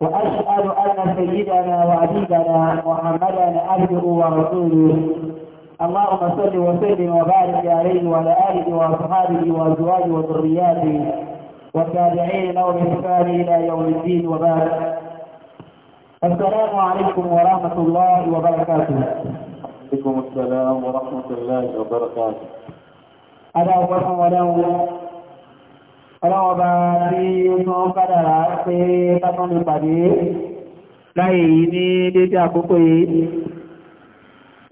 وأشهد أن سيدنا وعبيدنا محمدا عبده ورسوله اللهم صل وسلم وبارك عليه وعلى آله وأصحابه وأزواجه وذرياته والتابعين له بإحسان إلى يوم الدين وبارك السلام عليكم ورحمة الله وبركاته عليكم السلام ورحمة الله وبركاته أنا أبو ولو ọlọ́wọ́ bá rí ọmọ kádàrá pé kásán ní pàdé láyé yìí ní dédé àkókò yìí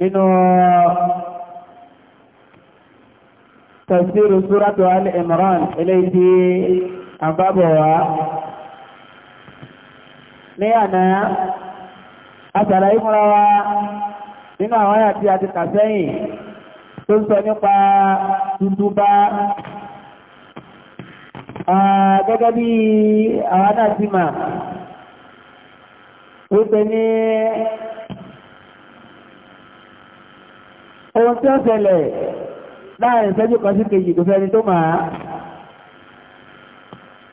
nínú uh, tafsir suratu Al-Imran eléyìí àbábọ̀ wá ní àná àtàrà ìmúra wa nínú àwọn àyàtí àti kàsẹ́yìn tó ń sọ nípa tuntun Ah, gẹ́gẹ́ bí àwọn náà ti máa wípé ní ohun tí ó ṣẹlẹ̀ láàrin ìṣẹ́jú kan sí kejì tó fẹ́ni tó máa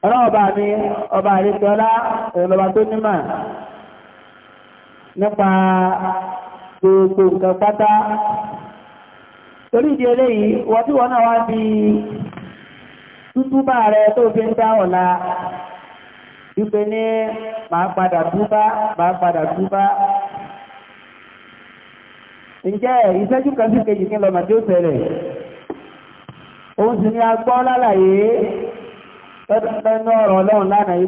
ọlọ́ọ̀bá mi ọba àríkọlá ìrọ̀lọ́bà tó nímà nípa gbogbo nǹkan pátá torí ìdí eléyìí wọ́n tí wọ́n náà wá bí túbà rẹ̀ tó fi ń dá ọ̀la wípé ní máa padà túbá máa padà túbá ǹjẹ́ ìṣẹ́jú kan sí kejì ní lọ́mà tí ó tẹ̀lẹ̀ òun sì ni a gbọ́ lálàyé pẹ́pẹ́nú ọ̀rọ̀ ọlọ́run lánàá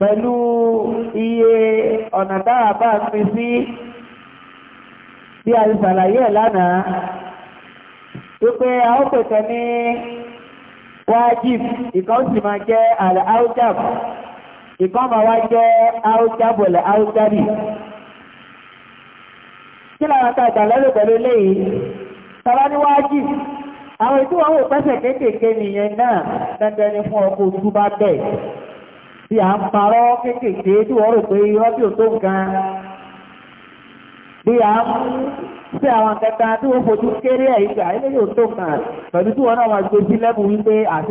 pẹ̀lú iye ọ̀nà dára bá pín sí bí a ìsàlàyé ẹ̀ lánàá wípé a ó pẹ̀tẹ̀ ní wájib ìkan sì máa jẹ́ àlẹ́ áújáb ìkan máa wá jẹ́ áújábọ̀lẹ̀ áújábì kí lára ta ìdàlẹ́rù pẹ̀lú léyìí tàbá ní wájib àwọn ètò wọn wò pẹ́sẹ̀ kéékèèké nìyẹn náà dandan ni fún ọkọ̀ ojú bá bẹ̀ tí à ń parọ́ kéékèèké tí wọ́n rò pé irọ́ tí ò tó nǹkan bí a ń sí àwọn kẹta tí wọ́n fojú kéré ẹ̀ ìgbà ilé yóò tó kàn pẹ̀lú tí wọ́n náà wọ́n gbé sí wípé kan ní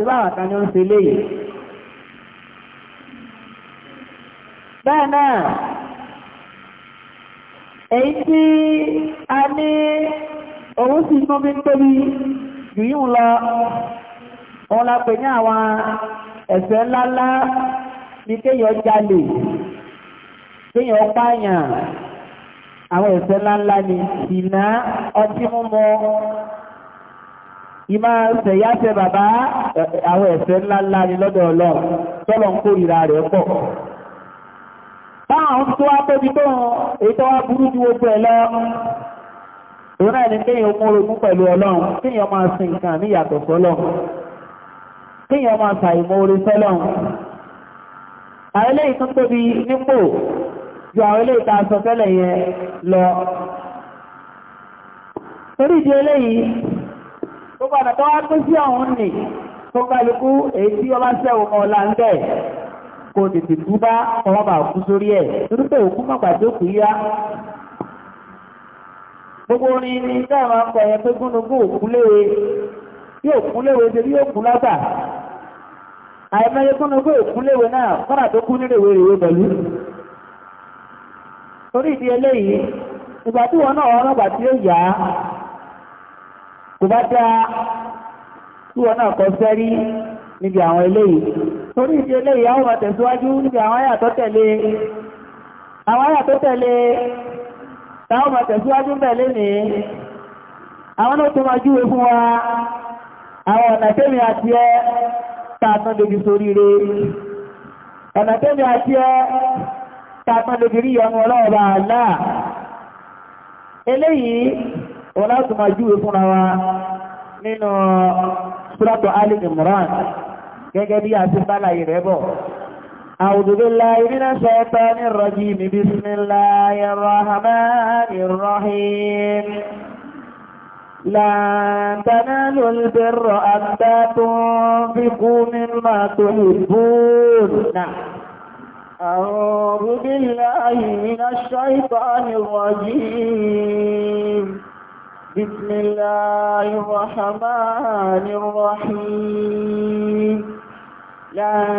ó ń a ní owó si inú bí ń tóbi yìí lọ òun la pè ní àwọn ẹ̀ṣẹ̀ ńláńlá ní kéèyàn jalè kéèyàn pààyàn àwọn ẹ̀ṣẹ̀ ńláńlá ni ìná ọtí mímu ìmá ṣẹ̀yáṣẹ́ bàbá àwọn ẹ̀ṣẹ̀ ńláńlá ni lọ́dọ̀ ọlọ́run tọ́lọ̀ ń kórìíra rẹ̀ pọ̀ báwọn tó wá tóbi tó èyí tó wá burú ju gbogbo ẹ̀ lọ òun náà ni kéèyàn mú orogún pẹ̀lú ọlọ́run kéèyàn máa sin nǹkan ní ìyàtọ̀ sọ́lọ́run kéèyàn máa ṣàìmọ̀ orí nípò ju àwọn ilé ìta sọ tẹ́lẹ̀ yẹn lọ torí di eléyìí tó padà tó sí ọ̀hún nì tó kálukú èyí tí ọba sẹ́wọ̀n kan ọ̀la ń bẹ̀ kò tètè tú bá kú sórí tó kù gbogbo orin ní yẹn pé òkú léwe léwe ṣe bí òkú àìmọye torí ìdí eléyìí ìgbà náà wọn náà ó kò bá dá tí náà kọ sẹ́rí níbi àwọn eléyìí torí ìdí eléyìí àwọn ọmọ tẹ̀síwájú níbi àwọn àyà àwọn àyà táwọn ọmọ tẹ̀síwájú bẹ̀lé ní àwọn náà tó máa tàbí lóbi rí ọmọ ọlọ́ọ̀bá aláà eléyìí wọ́n láti máa júwe fún wa nínú Suratu Ali Imran gẹ́gẹ́ bí a ti bálàyé rẹ̀ bọ̀ A'udhu billahi minash shaitanir rajim bismillahir rahmanir rahim لن تنالوا البر أعوذ بالله من الشيطان الرجيم بسم الله الرحمن الرحيم لن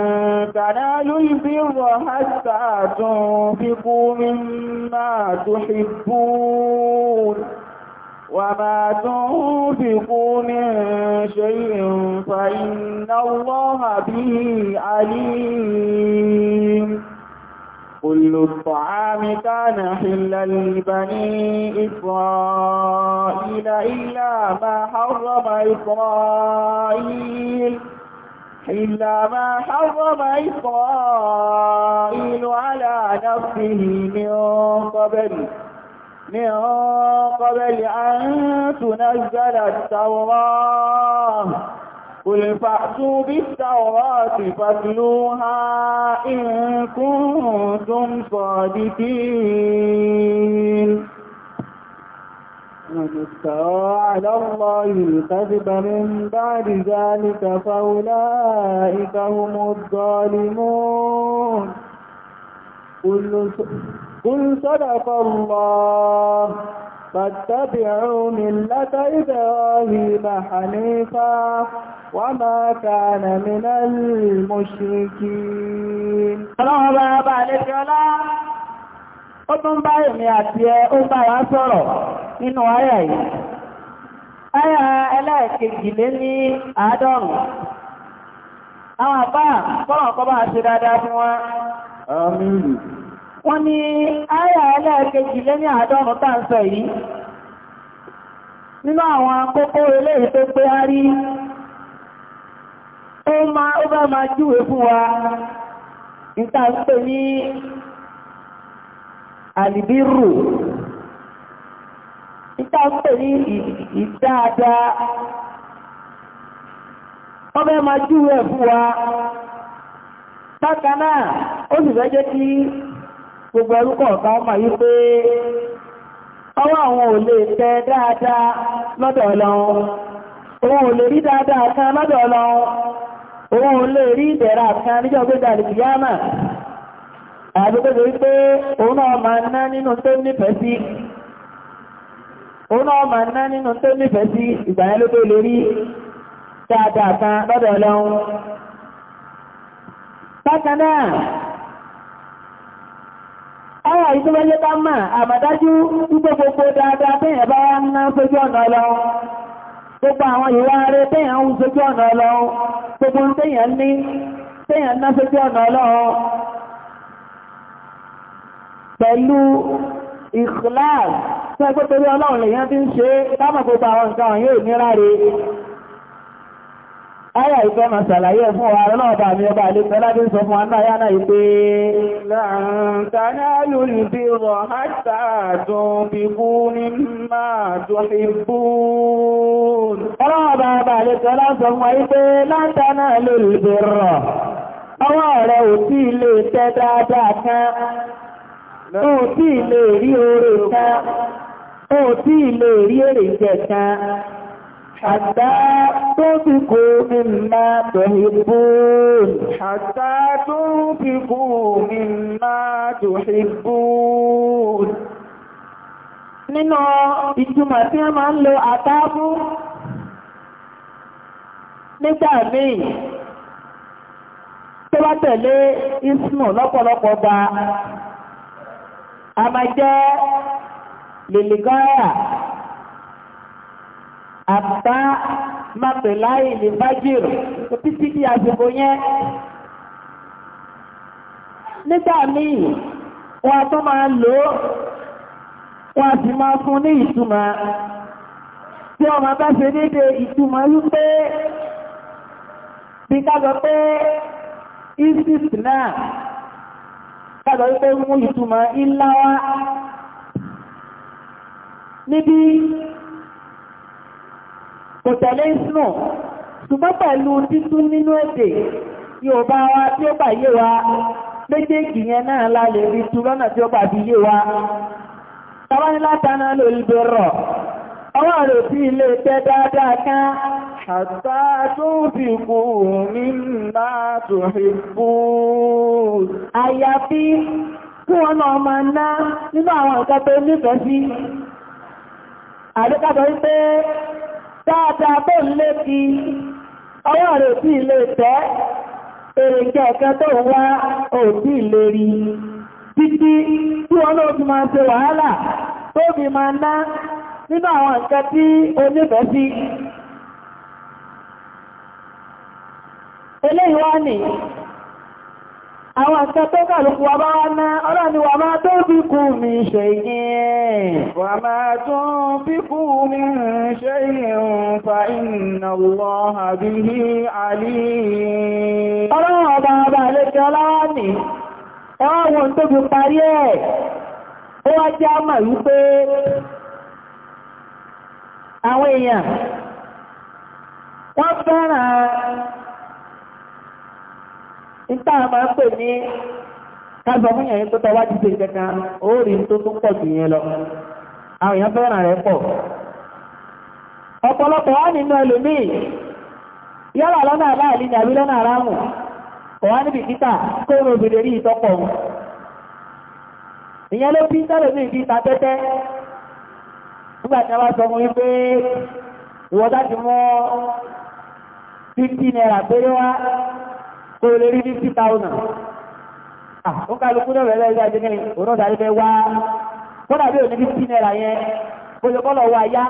تنالوا البر حتى تنفقوا مما تحبون وما تنفقوا من شيء فإن الله به عليم كل الطعام كان حلا لبني إسرائيل إلا ما حرم إسرائيل إلا ما حرم إسرائيل على نفسه من قبل من قبل أن تنزل التوراة قل فأتوا بالتوراة فاتلوها إن كنتم صادقين من استوى على الله الكذب من بعد ذلك فأولئك هم الظالمون كل إن صدق الله فاتبعوا ملة إبراهيم حنيفا وما كان من المشركين اللهم بارك عليك ولا ó tún bá èmi àti ẹ ó bá wa sọ̀rọ̀ nínú àyà yìí àyà ẹlẹ́ẹ̀kejì lé ní àádọ́rùn àwọn àbá fọ́nà kọ́ bá ṣe dáadáa fún wa àmín wọ́n ni ayà ẹlẹ́ẹ̀kejì lé ní àádọ́rùn tàǹsọ̀ yìí nínú àwọn kókó eléyìí tó pé á rí ó máa ó bá máa júwe fún wa ìtàǹsọ̀ ní àlìbírù ìtàǹsọ̀ ní ìdáadáa wọ́n bẹ́ máa júwe fún wa ó sì fẹ́ gbogbo ẹrúkọ̀ kan mọ̀ yí pé ọwọ́ àwọn ò lè tẹ dáadáa lọ́dọ̀ Ọlọ́run òun ò lè rí dáadáa kan lọ́dọ̀ Ọlọ́run òun ò lè rí ìdẹ̀ra kan níjọ́ gbé dàlùkì yámà àdúgbòdò wípé òun náà máa ná nínú tó nífẹ̀ẹ́ sí òun náà máa ná nínú tó nífẹ̀ẹ́ sí ìgbà yẹn ló tó lè rí dáadáa kan lọ́dọ̀ Ọlọ́run bákan náà àyà yìí tó bá yẹ ká mà àbádájú wípé gbogbo dáadáa bẹ́ẹ̀ bá wá ń ná sójú ọ̀nà ọlọ́run gbogbo àwọn ìwà rẹ̀ bẹ́ẹ̀ ń sójú ọ̀nà ọlọ́run gbogbo tẹ́yàn ní tẹ́yàn ná sójú ọ̀nà ọlọ́run pẹ̀lú ìkìláàsì tó torí ọlọ́run lèyàn ti ń ṣe Ayà ìfẹ́ máa ṣàlàyé fún wa ọlọ́ọ̀bà mi ọba àlékọ́ lábí sọ fún aná ayá náà ìpé láàrín alùlùbí rọ̀ hátà tún bí kú ní máa tó fi bùn. Ọlọ́ọ̀bà ọba àlékọ́ lásọ fún wa ìpé látàn alùlùbí rọ̀. Ọwọ́ rẹ̀ ò tí ilé tẹ́ dáadáa حتى تنفقوا مما تحبون حتى تنفقوا مما تحبون nínú ìtumọ̀ tí a máa ń lo àtàbù nígbà míì tó bá tẹ̀lé ismu lọ́pọ̀lọpọ̀ bá a máa jẹ́ lèlègáyà àbá mapẹ̀láì lè fájìrì títí di àsìkò yẹn nígbà míì wọ́n tó máa lò ó wọ́n sì máa fún ní ìtumọ̀ tí ọmọ bá ṣe dédé ìtumọ̀ wípé bí ká sọ pé isis náà ká sọ wípé mú ìtumọ̀ ńlá wá níbi kò tẹ̀lé ìsìnà ṣùgbọ́n pẹ̀lú títún nínú èdè Yorùbá wa tí ó gbà yé wa méjèèjì yẹn náà la rí tu lọ́nà tí ó gbà bí yé wa tàwa ní ló lè rọ̀ ọwọ́ rẹ̀ sí ilé tẹ́ dáadáa kan àtà tó fi kú mi máa tó fi kú àyàfi kí wọ́n náà máa ná nínú àwọn nǹkan tó nífẹ̀ẹ́ sí àdékàtọ̀ wípé dáadáa tó ń lé ti ọwọ́ rẹ̀ sí ilé tẹ́ èrìnkẹ́ ẹ̀kẹ́ tó wá òbí ìlérí títí tí wọ́n ló fi máa ṣe wàhálà tó fi máa ná nínú àwọn tí sí eléyìí àwọn àṣẹ tó wà bá ná ọlọ́ni wà máa tó bí kú mi ṣe yìí wà máa tó bí kú mi ṣe fa inna Allaha bihi alim ọlọ́run ọba ọba àlejò àwọn èèyàn wọ́n fẹ́ràn níta máa pè ní kájọ fún tó tọwá ti ṣe ó rí tó tún pọ̀ yẹn lọ àwọn èèyàn fẹ́ràn rẹ̀ pọ̀ ọ̀pọ̀lọpọ̀ wá nínú ẹlòmíì yálà lọ́nà aláàlì ní àbí lọ́nà níbi kó rí ìtọ́pọ̀ ìyẹn ló bí sẹ́lòmíì bí ta tẹ́tẹ́ a bá sọ mú wípé ìwọ́dá ti mọ́ naira péré wá tó lè rí 50,000 ó kálukú náà rẹ̀ lẹ́yìn ìdájẹ́ kẹrin òun náà dárí fẹ́ wá kódà bí òní 50 naira yẹn bólokọ́ lọ wá yá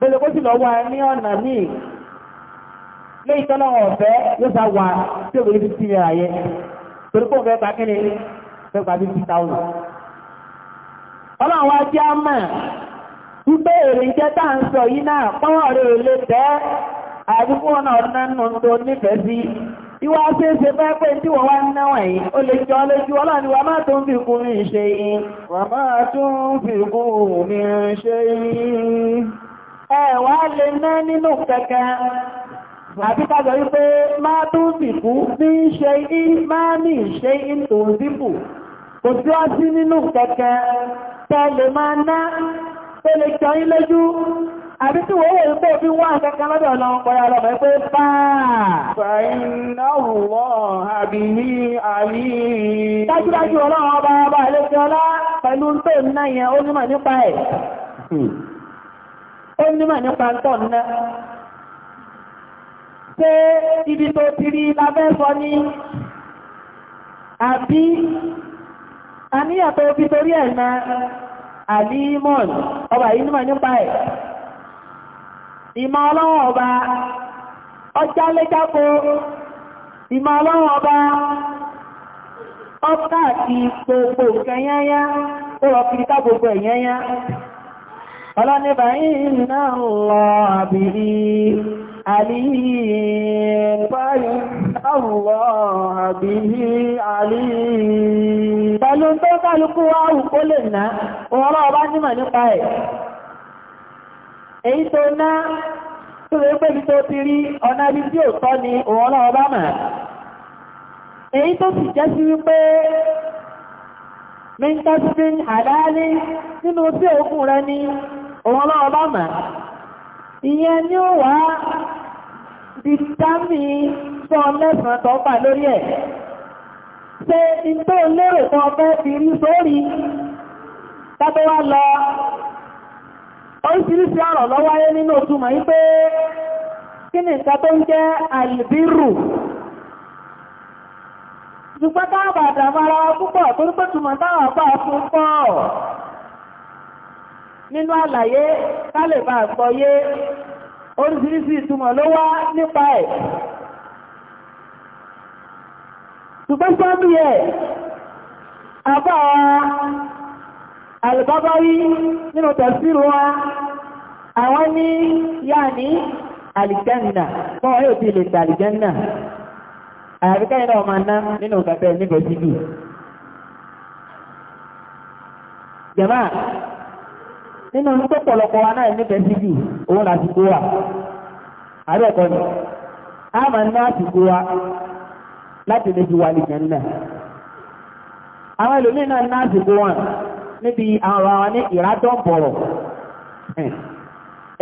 bólokọ́ sì lọ wá ní ọ̀nà míì lé ìtọ́lọ́wọ̀ ọ̀fẹ́ yóò sá wà tí òun rí 50 naira yẹn torí kó fẹ́ gbà kíni fẹ́ gbà 50,000 ọlọ́run wá jẹ́ àmà wípé èrè jẹ́ tá à ń sọ yìí náà pọ́nrọ̀ rẹ̀ lè tẹ́ àdúgbò náà nánú tó nífẹ̀ẹ́ sí Ìwà ṣe ṣe fẹ́ pé tí wọ́n wá nínú àwọn ẹ̀yìn, ó lè jọ lójú ọlọ́ni wa máa tún fi kún mi ṣe yìí. Wà máa tún fi kún mi ṣe yìí. Ẹ wà lè ná nínú kẹ̀kẹ́. Àbí ká sọ wípé máa tún fi kún mi ṣe yìí, máa mi ṣe yìí àbí tí wọ́n wọ́n pọ̀ bí wọ́n àkọ́kọ́ lọ́dọ̀ ọlọ́run pẹ̀lú ọlọ́mọ pé fáà. fàínà wọ́ àbí ní àlì. dájúdájú ọlọ́run ọba ọba àlejò ọlá pẹ̀lú tó ná yẹn ó nímọ̀ nípa ẹ̀. ó nímọ̀ nípa ń tọ̀ ná. ṣé ibi tó ti rí lábẹ́ sọ ni àbí àníyàn tó fi torí ẹ̀ na àlímọ̀n ọba yìí nímọ̀ nípa ẹ̀. ìmọ̀ ọlọ́run ọba ọjá lẹ́jáko ìmọ̀ ọlọ́run ọba ọkà àti gbogbo ìkẹyẹnyá tó rọ ká gbogbo ẹ̀yẹnyá ọlọ́nibà iná lọ àbìrí àlìyìn pẹ̀lú tó wá kó lè èyí tó ná tó lè pẹ́ tó ti rí ọ̀nà tí tọ́ ni òun náà mà èyí tó sì jẹ́ sí wípé mẹ́ńtọ́sí àdáálé nínú tí rẹ ni òun náà mà ìyẹn ni ó wá dìtámì sọ mẹ́sàn tó bà lórí ẹ̀ ṣe ìtò lérò kan fẹ́ fi rí lọ oríṣiríṣi àrọ̀ ló wáyé nínú òtúmọ̀ yí pé kí ni nǹkan tó ń jẹ́ àlìbírù ṣùgbọ́n káàbà àdàmára púpọ̀ tó nípò túnmọ̀ táwọn àpá fún pọ̀ nínú àlàyé kálẹ̀bà àgbọ́yé oríṣiríṣi ìtumọ̀ ló wá nípa ẹ̀ ṣùgbọ́n sọ́bí ẹ̀ àbọ̀ Al-Tabari nínú tafsir wa àwọn ní yáàní àlìjánà fún ọ̀rẹ́ òbí lè ta àlìjánà àyàfikẹ́ ìlà ọmọ aná nínú kàfẹ́ nífẹ̀ẹ́ síbì jẹ̀má nínú tó pọ̀lọpọ̀ wa náà nífẹ̀ẹ́ òun a láti lè wà níbi àwọn àwọn ní ìrádọ́bọ̀rọ̀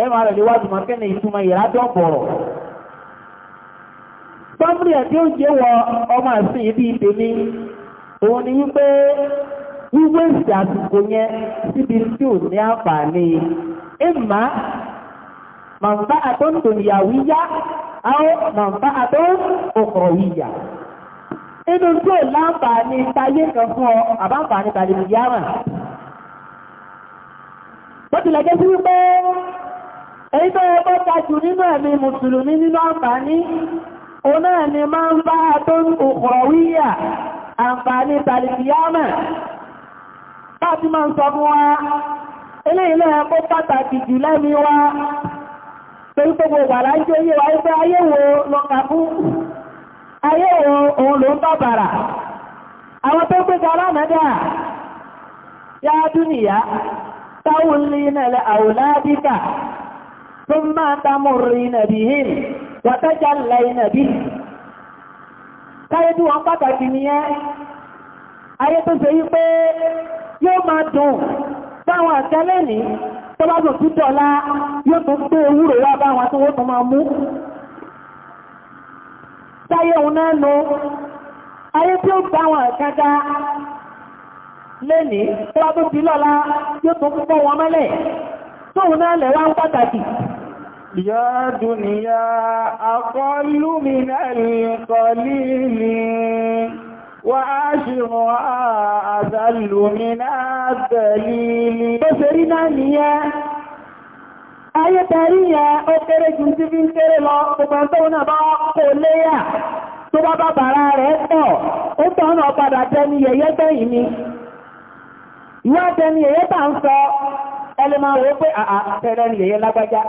ẹ máa rẹ̀ níwájú mọ́ ìtumọ̀ ìrádọ́bọ̀rọ̀ sọ́mùrì ẹ̀dí ó jẹ́ wọ ọmọ ibi ìdèmí òun ni wípé wíwé yẹn síbi tí ò ní àǹfààní ìmá màǹfà àtọ́ǹdòyàwó yá àwọn màǹfà inú tí ò láǹfààní táyé kan fún ọ àbáǹfààní tàbí bó tilẹ̀ jẹ́ sí wípé èyí tó yẹ kó tajù nínú ẹ̀mí mùsùlùmí nínú àǹfààní o náà ni máa ń bá tó òkùrọ̀wíyà àǹfààní tàlìfìyàmẹ̀ láti máa ń sọ fún wa ilé ilé ẹ̀kọ́ pàtàkì jù lẹ́mi wa torí gbogbo ìgbàlá jẹ́ yé wa wípé ayé wo lọ́ka fún ayé wo òun ló ń bàbàrà àwọn tó gbéga lánàá dà yá dúnìyá وتولين لأولادك ثم تمرين بهم وتجلين به káyé tí wọ́n pàtàkì nìyẹn ayé tó ṣe yí pé yóò máa dùn báwọn àtẹ́lẹ̀ ní tó bá dùn títọ́ ọlá yóò tún gbé ewúrò wá báwọn tó wọ́n tó máa mú táyé òun náà lọ ayé tí ó báwọn àkádá lẹ́ni lábú bí lọ́la yóò tó púpọ̀ wọn mẹ́lẹ̀ tóhun náà lẹ̀ wá ń pàtàkì yá dúnìyà àkọlùmínà ìkọlì ní wà á ṣe wọ́n àzàlùmínà tẹ̀lì ní tó ṣe rí náà nìyà ayétarí yẹ ó kéré jù sí fi ń kéré lọ gbogbo ẹ̀tọ́ náà bá kò léyà tó bá bá bàrá rẹ̀ pọ̀ ó tọ́nà padà tẹ́ ní yẹ̀yẹ́ tẹ́yìn ni lọ́dẹ ni èyẹ́ bá ń sọ ẹlẹ́ máa wọ́n pé àtẹ́rẹ́ ni èyẹ́ lágbájá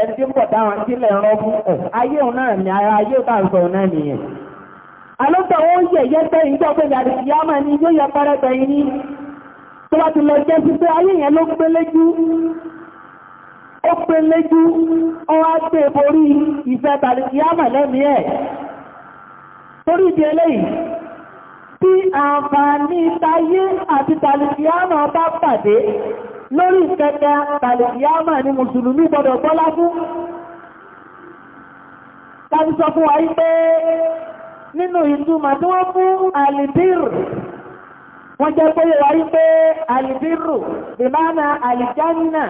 ẹni tí ń pọ̀ dáwọn sílẹ̀ rọ fún ẹ̀ ayé òun náà ni ara ayé bá ń sọ òun náà nìyẹn alóńtọ̀ ó yẹ yẹ tẹ́yìn tó pé yàrá ìyá máa ní yóò yẹ pẹ́rẹ́ tẹ́yìn ní tó bá ti lọ jẹ́ sí pé ayé yẹn ló pé léjú ó pé léjú ó wá gbé borí ìfẹ́ tàbí ìyá máa lẹ́mìí ẹ̀ torí ìdí eléyìí tí àǹfààní tayé àti tàlìkìyàmà bá pàdé lórí ìkẹta tàlìkìyàmà ni mùsùlùmí gbọdọ̀ bọ́lá fún tàbí sọ fún wa wípé nínú ìtumọ̀ tí wọ́n fún àlìbírù wọ́n jẹ́ pé wà wípé àlìbírù ìmáàmà àlìjánà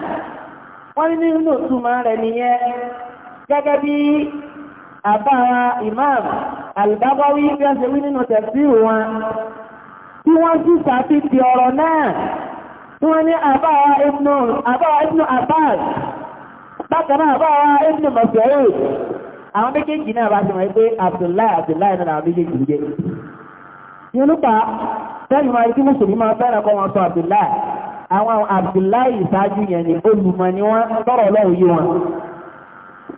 wọ́n nínú ìtumọ̀ rẹ̀ nìyẹn gẹ́gẹ́ bí àbára imam alìbábáwí bí wọ́n ṣe wí nínú tẹ̀síù wọn tí wọ́n sì sàfihì ọ̀rọ̀ náà tí wọ́n ní àbára ibnu abbas bákan náà àbára ibnu mas'ud àwọn méjèèjì náà bá ṣe mọ̀ pé abdullahi abdullahi náà àwọn méjèèjì jẹ́ ní olúpa tẹ́lù máa ikú mùsùlùmí máa fẹ́ràn kọ́ wọn sọ abdullahi àwọn abdullahi ìṣáájú yẹn ni olùmọ̀ ni wọ́n tọ́rọ̀ ọlọ́run yí wọn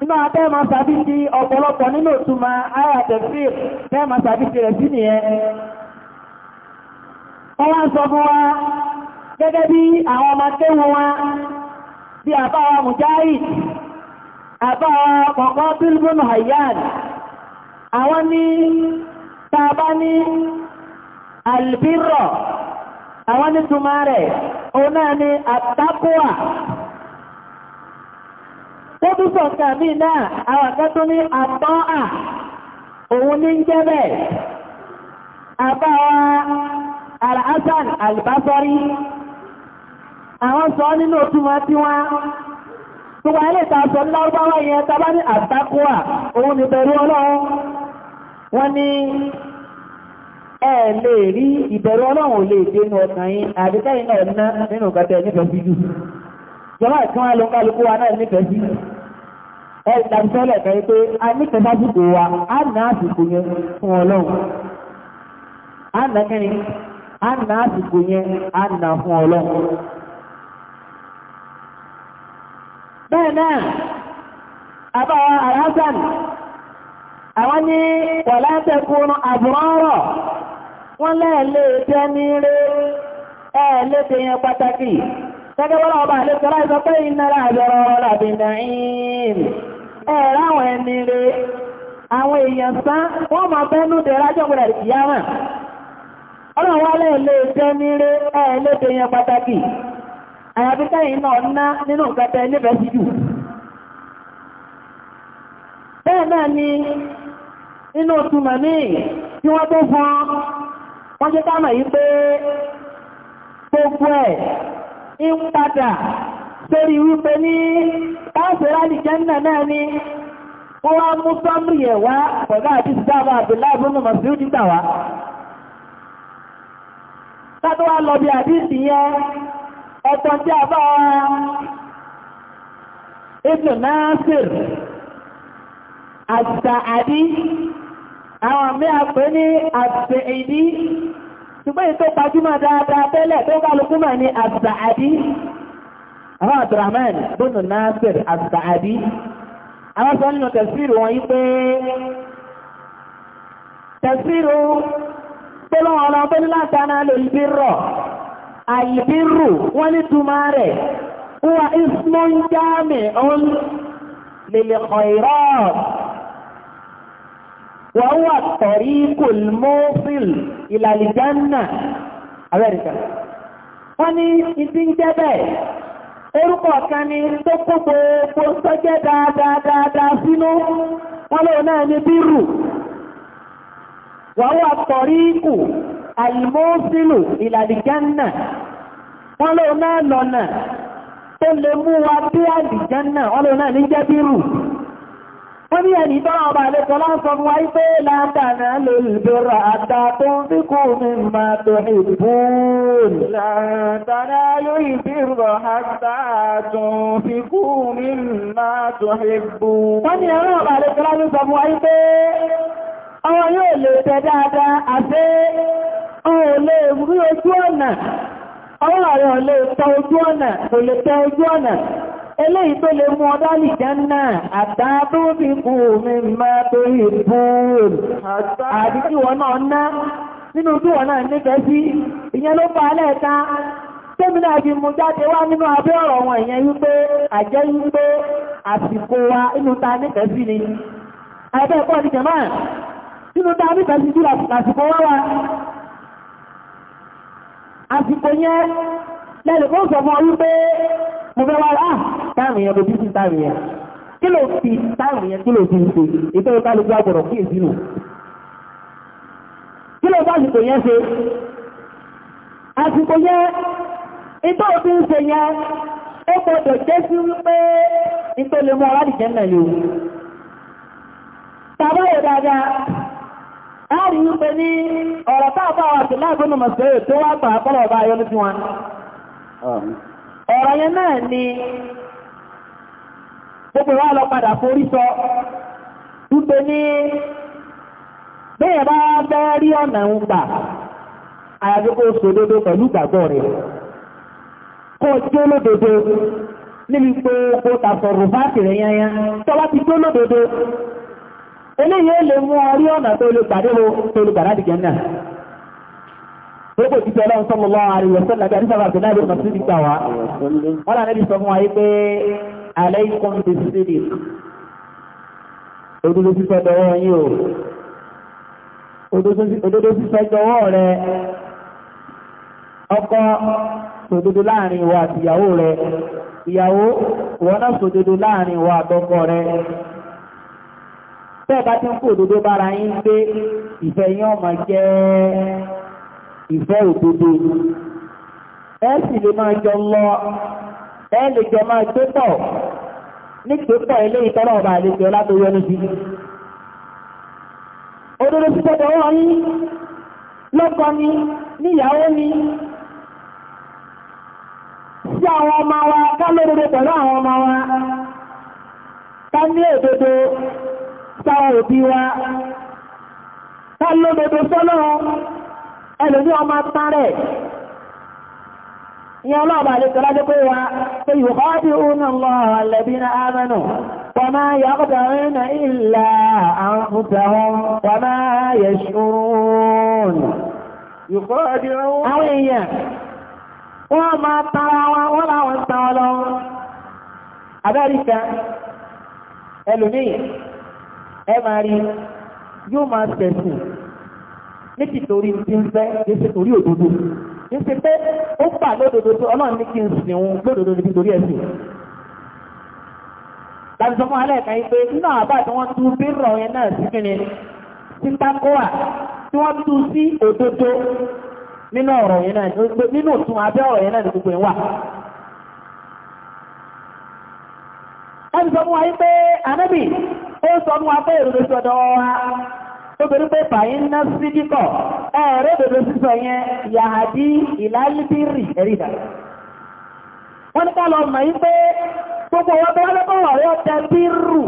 nínú abẹ́ ma sàbí ti ọ̀pọ̀lọpọ̀ nínú òtúnmà ayàtẹ̀sí bẹ́ẹ̀ ma sàbí ti rẹ̀ sí nìyẹn wọ́n wá ń sọ fún wa gẹ́gẹ́ bí àwọn ọmọ kéwù wa bí àbáwa mujahid àbáwa kọ̀kọ́ bilbon hayyan àwọn ní tàbá ní albirro àwọn ní túnmà rẹ̀ o náà ní àtàkùwà ó tún sọ kàmí náà àwàkẹ́ tó ní àpọ́ à òun ní ń jẹ́ bẹ́ẹ̀ àbáwa alhassan albasari àwọn sọ nínú òtúmọ̀ tí wọ́n tó wà ilé ìtàṣọ lárúbáwá yẹn tàbá ní àtàkùwà òun ní bẹ̀rù ọlọ́run wọ́n ní ẹ lè rí ìbẹ̀rù ọlọ́run lè dénú ọkàn yín àdíkẹ́ iná ẹ̀ná nínú kàtẹ́ nífẹ̀ẹ́ jọba ìtún wa wa náà nífẹ̀ẹ́ sí ẹ ìdàgbẹ́sọ́lẹ̀ kẹ́yìn a nífẹ̀ẹ́ sásìkò wa á nà àsìkò yẹn fún ọlọ́run á nà á yẹn nà fún ọlọ́run. bẹ́ẹ̀ náà àbá àwọn ní wọ̀lá tẹkùn wọ́n lẹ́ẹ̀lẹ́ ní gẹ́gẹ́ bọ́lá ọba àlẹ́kọ́ láìsọ pé iná láàbẹ̀rọ lábẹ̀ nàíìm ẹ̀rọ àwọn ẹni rẹ̀ àwọn èèyàn sán wọ́n máa bẹ́nu dẹ̀ rájọ́ gbọ́dẹ̀ kìyàmà ọlọ́run pataki, wọ́n ń padà sórí wípé ní káàkiri àlìjẹ́nà náà ni wọ́n wá mú sọ́mùrì ẹ̀ wá pẹ̀lú àti ìsìdáàmù Abdullahi ibn Mas'ud gbà wá tátó wá lọ bí àdíìsì yẹn ọ̀tọ̀ tí a bá ibn Nasir àti àdí àwọn mẹ́ àpẹ́ ní àti ìdí ṣùgbọ́n ètò pàjúmọ̀ dáadáa tẹ́lẹ̀ tó kálukú mọ̀ ní àbàádí àwọn abdulrahman bónú nasir àbàádí àwọn sọ nínú tẹ̀síìrù wọn yí pé tẹ̀síìrù tó lọ́wọ́ ọlọ́run tó ní látàná lè bí rọ̀ àìbírù wọ́n ní túmọ̀ rẹ̀ wọ́n ismun jami'un ìlàlìjánà amẹ́ríkà wọ́n ní ìdí ń jẹ́ bẹ́ẹ̀ orúkọ kan ni tó kó gbogbo sọ́jẹ́ dáadáa sínú wọ́n lóun náà ní bírù wọ́n wà tọ̀ríkù àìmọ́sílù ìlàlìjánà wọ́n lóun náà lọ́nà tó lè mú wa bí àlìjánà wọ́n lóun náà ní jẹ́ bírù wọ́n ní ẹni tọ́rọ ọba àlẹ́kọ́ lọ́sọ fún wáyé pé látànà lè bèèrè àtà tó ń fi kú mi máa tó ìbùn látànà lè bèèrè àtà tó ń fi kú mi máa tó ìbùn ọwọ́ yóò lè tẹ ojú ọ̀nà kò lè tẹ ojú ọ̀nà eléyìí tó lè mú ọdá lì jẹ́nà àtàbí fi kú mi máa tó ìbúrùn àti tí wọ́n náà ná nínú tí wọ́n náà nífẹ̀ẹ́ sí ìyẹn ló pa alẹ́ẹ̀ta tẹ́mìnà àbí mú jáde wá nínú abẹ́ ọ̀rọ̀ wọn ìyẹn wípé àjẹ́ wípé àsìkò wa inú ta nífẹ̀ẹ́ sí ni abẹ́ ẹ̀kọ́ ní jẹ̀mọ́ nínú ta nífẹ̀ẹ́ sí jùlọ àsìkò wá wa àsìkò yẹn lẹ́lẹ̀kọ́ sọ fún ọ wípé mo fẹ́ wá rà táàmù yẹn lójú sí táàmù yẹn kí ló fi táàmù yẹn kí ló fi ṣe ètò ìkálukú agbọ̀rọ̀ kí èsì nù kí ló bá àsìkò yẹn ṣe àsìkò yẹn ètò òfin ń ṣe yẹn ó gbọdọ̀ jẹ́ sí wípé ètò lè mú aládìjẹ́ náà yòó tàbá yẹ dáadáa láàrin wípé ní ọ̀rọ̀ táàbà wà sí láàbùnú mọ̀sẹ̀ tó wá gbà á kọ́lọ̀ ọba ayọ́ ní ọ̀rọ̀ yẹn náà ni gbogbo wa lọ padà forí sọ wípé ní bẹ́ẹ̀ bá fẹ́ rí ọ̀nà ń gbà àyàfi kó sòdodo pẹ̀lú ìgbàgbọ́ rẹ̀ kó jó lódodo níbi gbogbo tàfọ̀rọ̀ fáàkì rẹ̀ yányá tó bá ti jó lódodo eléyìí ó lè mú ọ rí ọ̀nà tó lè pàdé o tó lè gbàdá dìgẹ́ náà Gbogbo ìdíjẹ́ ọlọ́run sọ́lọ́lọ́ àríwẹ̀sọ́lá bí àdísàbà àbẹ̀lá ìbẹ̀rẹ̀ mọ̀ sí ìgbà wa. Wọ́n là nẹ́bí sọ fún wa yí pé aleikum bisidik òdodo sísọ dọwọ́ yín o òdodo sísọ dọwọ́ rẹ ọkọ sòdodo láàrin ìwọ àti ìyàwó rẹ ìyàwó ìwọ náà sòdodo láàrin ìwọ àtọkọ rẹ bẹ́ẹ̀ bá ti ń kó òdodo bára yín pé ìfẹ́ yín ọmọ jẹ́ ìfẹ́ òdodo ẹ sì lè máa jọ lọ bẹ́ẹ̀ lè jọ máa gbé pọ̀ ní ilé ìtọ́lọ̀ ọba àlejò látòrí ẹni sí. Òdodo ti ní ni níyàwó ni sí àwọn ọmọ wa ká pẹ̀lú àwọn ọmọ wa ká ní òdodo sáwọn òbí wa ká lódodo ẹlòmí ọmọ tán ìyẹn ọlọ́ọ̀bà àlejò lájẹ́ pé wa ṣe ìwọ̀kọ́dì òun Allah alladhina amanu wàmá yàgùdàrín ìlà àwọn òtàwọn wàmá yẹ̀ṣùrún àwọn èèyàn wọ́n máa tara wọn ń ṣe pé ó gbà lódodo tó ọlọ́run ní kí n sìn òun lódodo níbi torí ẹ̀sìn láti sọ fún alẹ́ yìí pé nínú àbá tí wọ́n tú bírọ̀ yẹn náà sí kí ni tí wọ́n tú sí òdodo nínú ọ̀rọ̀ yẹn náà nínú òtún abẹ́ ọ̀rọ̀ yẹn náà ní gbogbo nítorí pé fàyín ná sídíkọ̀ ẹ̀rẹ́ òdòdó sísọ yẹn yàhàdí ìlàlíbírì ẹ̀rìdà wọ́n ní ká lọ mọ̀ yí pé gbogbo wọn tó wọ́n lọ́wọ́ rẹ̀ ọ̀tẹ bírù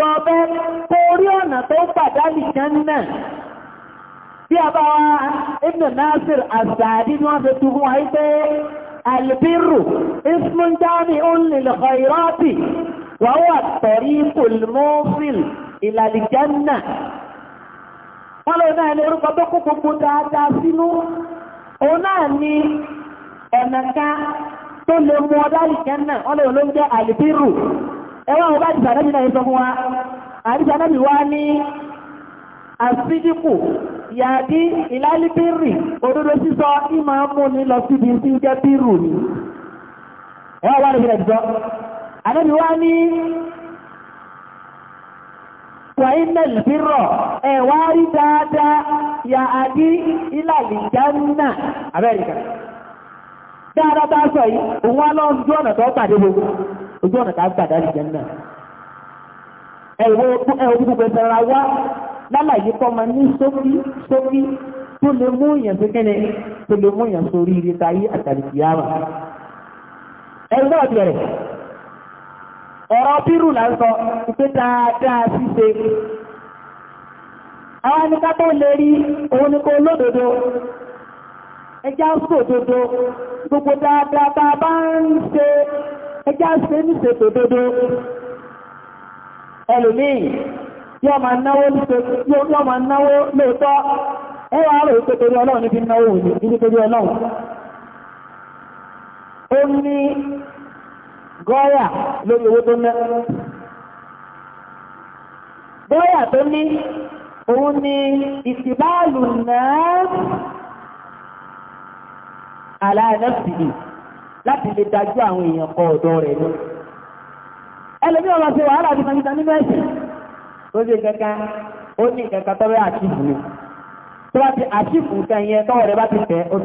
tọ́bẹ́ torí ọ̀nà tó ismun jami'un lil khairati wa huwa at-tariqul musil wọ́n lè náà ní orúkọ tó kó gbogbo dáadáa sínú òun náà ni ọ̀nà kan tó lè mú ọdá ìkẹ́ náà wọ́n lè ló ń jẹ́ àlìbírù ẹwọ́n ọba àdìsà náà náà sọ fún wa àdìsà náà wá ní àsídìkù yàdí ìlálíbírì òdodo sísọ ìmọ̀ mú ní lọ síbi tí ń jẹ́ bírù ni wọ́n wá lè fi rẹ̀ jọ ní wà iná ìbírọ̀ ẹ̀wà rí dáadáa ya àdí ìlàlìjánà amẹ́ríkà dáadáa bá sọ yìí òun alọ́ ojú ọ̀nà tó pàdé gbogbo ojú ọ̀nà tó pàdé àlìjánà ẹ̀wọ̀ gbogbo ẹ̀sẹ̀ra wá ma ní sókí ọ̀rọ̀ bírù là ń dáadáa ṣíṣe àwọn ẹnikà tó lè rí òun ni kò ẹjá gbogbo dáadáa bá bá ń ṣe ẹjá ṣe ní ṣètò dodo ẹlòmíì yóò máa náwó lóòótọ́ ẹwà rẹ̀ ìpètòrí ọlọ́run níbi náwó ìpètòrí ọlọ́run gọ́yà lórí owó tó ná gọ́yà tó ní òun ni ìtìbáàlù náà aláìlẹ́sìdì láti lè dájú àwọn èèyàn kọ ọ̀dọ́ rẹ̀ ní ẹlẹ́bí ọmọ sí wàhálà àti kọjúta nínú ẹ̀sìn tó ṣe kẹka ó ní ìkẹka tọ́rẹ àṣìfù tó bá ti àṣìfù kẹyẹ tọ́wọ̀ rẹ̀ bá ti tẹ̀ ó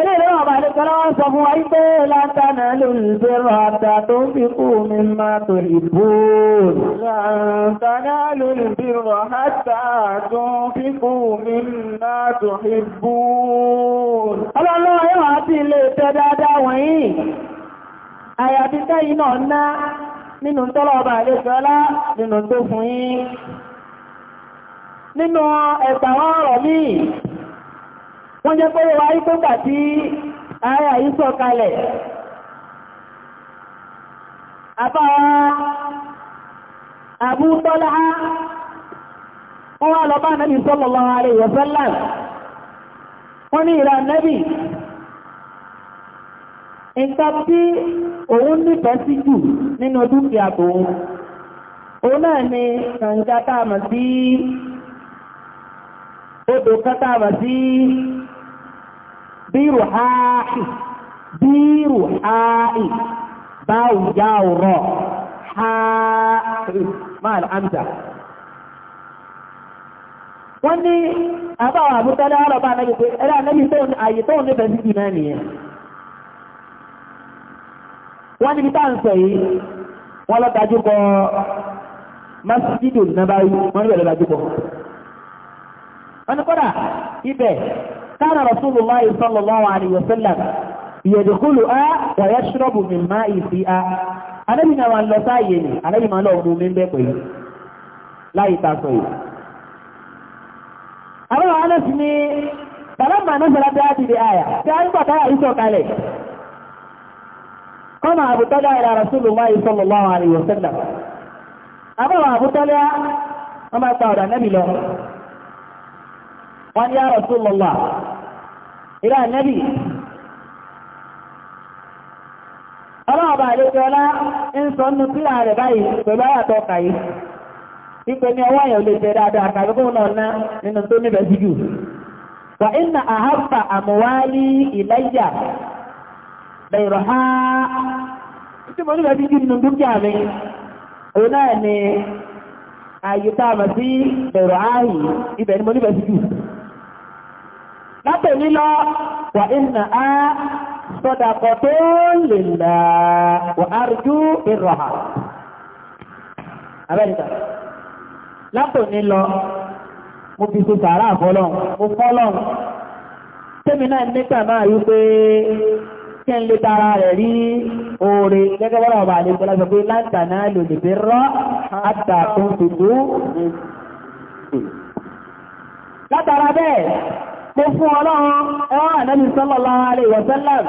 Ilé ìlú ọba àdékọ́lá wọ́n sọ fún wa wípé látànà lóòrùsẹ́ rọ̀ta tó ń fi kú mi máa tó ìbò. Látànà lóòrùsẹ́ rọ̀ta tó ń fi kú mi máa tó ìbò. Ọlọ́lọ́ yóò wá sí ilé ìtẹ́ dáadáa wọ̀nyí. Àyàfi tẹ́yìn náà ná nínú tọ́lọ̀ ọba àdékọ́lá nínú tó fún yín. Nínú ẹ̀gbà wọn rọ̀ míì. wọ́n jẹ́ pé wọ́n ayé pípà tí ara yìí sọ kalẹ̀ àbá Abu wọ́n wá lọ bá nẹ́bí sallallahu alaihi wọ́n ni ìrà nẹ́bí nǹkan tí òun nífẹ̀ẹ́ sí jù nínú dúkìá tòun náà ni odò sí bírù háàì bírù háàì báwù já ọ̀rọ̀ háàì máa l'ámdà wọ́n ní àbáwà àbútọ́lá ọlọ́bà náà pé ẹ̀rẹ́ ànẹ́bí tóun àyè tóun nífẹ̀ẹ́ sí ìmẹ́ nìyẹn wọ́n níbi tá à ń sọ yìí wọ́n lọ dájú kọ masjidu wọ́n níbẹ̀ lọ dájú kọ wọ́n ní kọ́dà ibẹ̀ كان رسول الله صلى الله عليه وسلم يدخلها ويشرب من ماء فيها Ànábì náà wà lọ sáàyè ni Ànábì máa lọ mú mi ń bẹ́ pẹ̀lú láì tasọ̀ yìí. àwọn anẹ́sì ni bàbá màá náà sọ̀rọ̀ bí a ti di àyà tí a ń gbà táyà yìí sọ̀kalẹ̀. kọ́nà àbútọ́lá ìlà Rasulullah sallallahu alaihi wasallam. àbọ̀wọ̀ àbútọ́lá wọ́n máa gba ọ̀dà nẹ́bì lọ. wọ́n ní ya Rasulullah ìrẹ́ ànẹ́bì ọlọ́ọ̀bà àlejò ọlá ń sọ nínú pílà rẹ̀ báyìí pẹ̀lú àyàtọ̀ kàyí wípé ní ọwọ́ àyàn lè jẹ dáadáa kàbí kó nínú tó níbẹ̀ sí jù wà iná àhápà àmúwálí ìlẹ́yà lẹ́rọ̀ ha látòní lọ wà iná á sọ́dàkọ̀ tó lè là wà árùjú ìrọ̀hà abẹ́rẹ́ta látòní lọ mo fi ṣe sàárà fọ́lọ́n mo fọ́lọ́n tẹ́mi náà nígbà náà yí pé kí n lè tara rẹ̀ rí oore gẹ́gẹ́ bọ́lá ọba àlejò lọ́sọ pé láǹtà náà lò lè fi rọ́ àtàkùn tuntun látara bẹ́ẹ̀ pé fún ọlọ́run ẹwà ànábì sallallahu alaihi wa sallam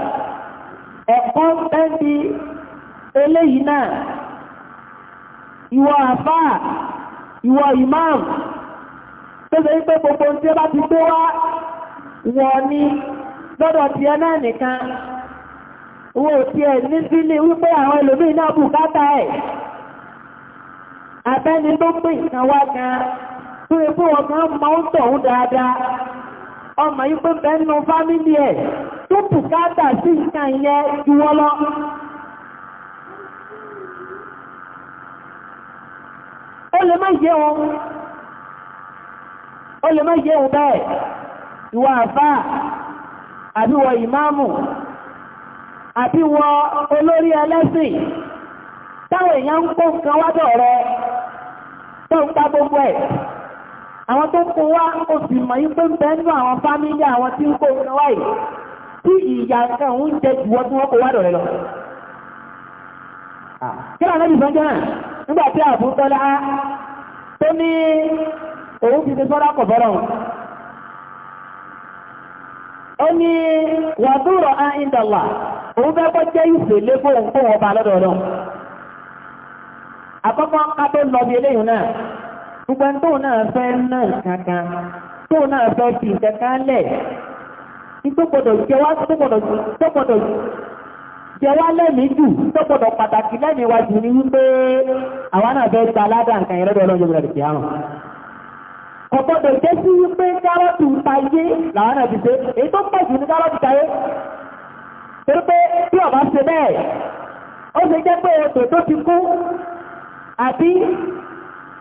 ẹ̀kọ́ pẹ́ndì eléyìí náà ìwọ àfá ìwọ imam tó ṣe pé gbogbo tí ó bá ti gbé wá wọ̀ ni lọ́dọ̀ ti ẹ náà nìkan owó tí ẹ ní sílé wípé àwọn ẹlòmíì náà bùkátà ẹ̀ abẹ́ni tó pè ìkan wá gan tó epo ọ̀gá máa ń tọ̀hún dáadáa ọmọ yìí pé bẹ́ẹ̀nu fámílì ẹ̀ tó bùkátà sí nǹkan yẹn ìwọ lọ. ó lè má yé wọn ó lè má yé wọn bẹ́ẹ̀ ìwọ àfà àbí wọ ìmáàmù àbí wọ olórí ẹlẹ́sìn táwọn èèyàn ń kó nǹkan wádọ̀ rẹ tó ń ta gbogbo ẹ̀. àwọn tó kó wá oṣù mọ̀ ń bẹ nínú àwọn fámílì àwọn tí ń kó wọn wáyé tí ìyá ń jẹ jù tí wọ́n kó wá dọ̀rẹ́ lọ. kí ló lẹ́bi náà nígbà tí àbú tọ́lá tó ní òun ti ó ní wàdúrọ̀ òun fẹ́ gbogbo ẹni tóun náà fẹ́ ná kankan tóun náà fẹ́ fi kankan lẹ̀ ní tó gbọdọ̀ jẹ́ wá tó gbọdọ̀ jẹ́ wá lẹ́mìí jù tó gbọdọ̀ pàtàkì lẹ́mìí wa jù ní wípé àwa náà fẹ́ gba aládà nǹkan ìrẹ́dọ̀ ọlọ́jọ́ ìrẹ́dọ̀ kìí àrùn ọ̀gbọ́dọ̀ jẹ́ sí wípé kárọ́tù tayé làwọn náà fi ṣe èyí tó pọ̀ jù ní kárọ́tù tayé torí pé tí ọba ṣe bẹ́ẹ̀ ó ṣe jẹ́ pé ètò tó ti kú àbí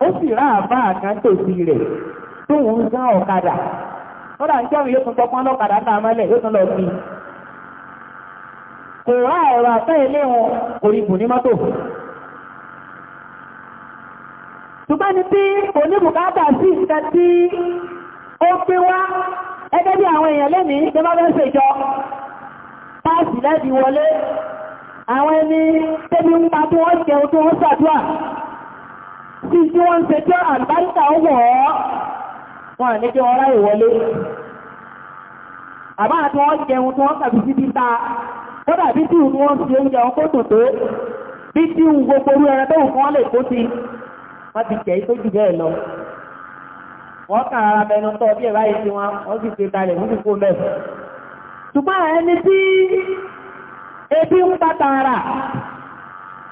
ó sì rá àbá àkántòsí rẹ̀ tó ń gá ọ̀kadà ó dà ń jẹ́rìn yóò tún tọpọ́n lọ́kadà náà mọ́lẹ̀ yóò tún lọ fi kò rá ọ̀rọ̀ àfẹ́ ilé wọn kò rí bù ní mọ́tò ṣùgbọ́n ni tí oníbùkátà sí nǹkan tí ó pé wá ẹgbẹ́ bí àwọn èèyàn lẹ́nìí tó bá fẹ́ ṣèjọ páàsì láti wọlé àwọn ẹni tẹ́bí ń pa tí wọ́n jẹun tí wọ́n ṣàdúrà tí tí wọ́n ń ṣe jẹ́ àgbáríkà wọ̀ ọ́ wọn ní kí wọ́n ráyè wọlé àbá àti wọ́n jẹun tí wọ́n kàbí sí bíta ó dàbí tí ìwọ̀n wọ́n fi oúnjẹ wọn kó tò tó bí tí ìwọ̀n gbogbo orú ẹran tó wù kán lè kó sí wọ́n ti jẹ́ ìtọ́jú bẹ́ẹ̀ lọ wọ́n kà ara mẹnu tọ́ bí ẹ̀rá ìsí wọn wọ́n sì fi kalẹ̀ wọ́n sì kó mẹ́ ṣùgbọ́n ẹni tí ebi ń pa tààrà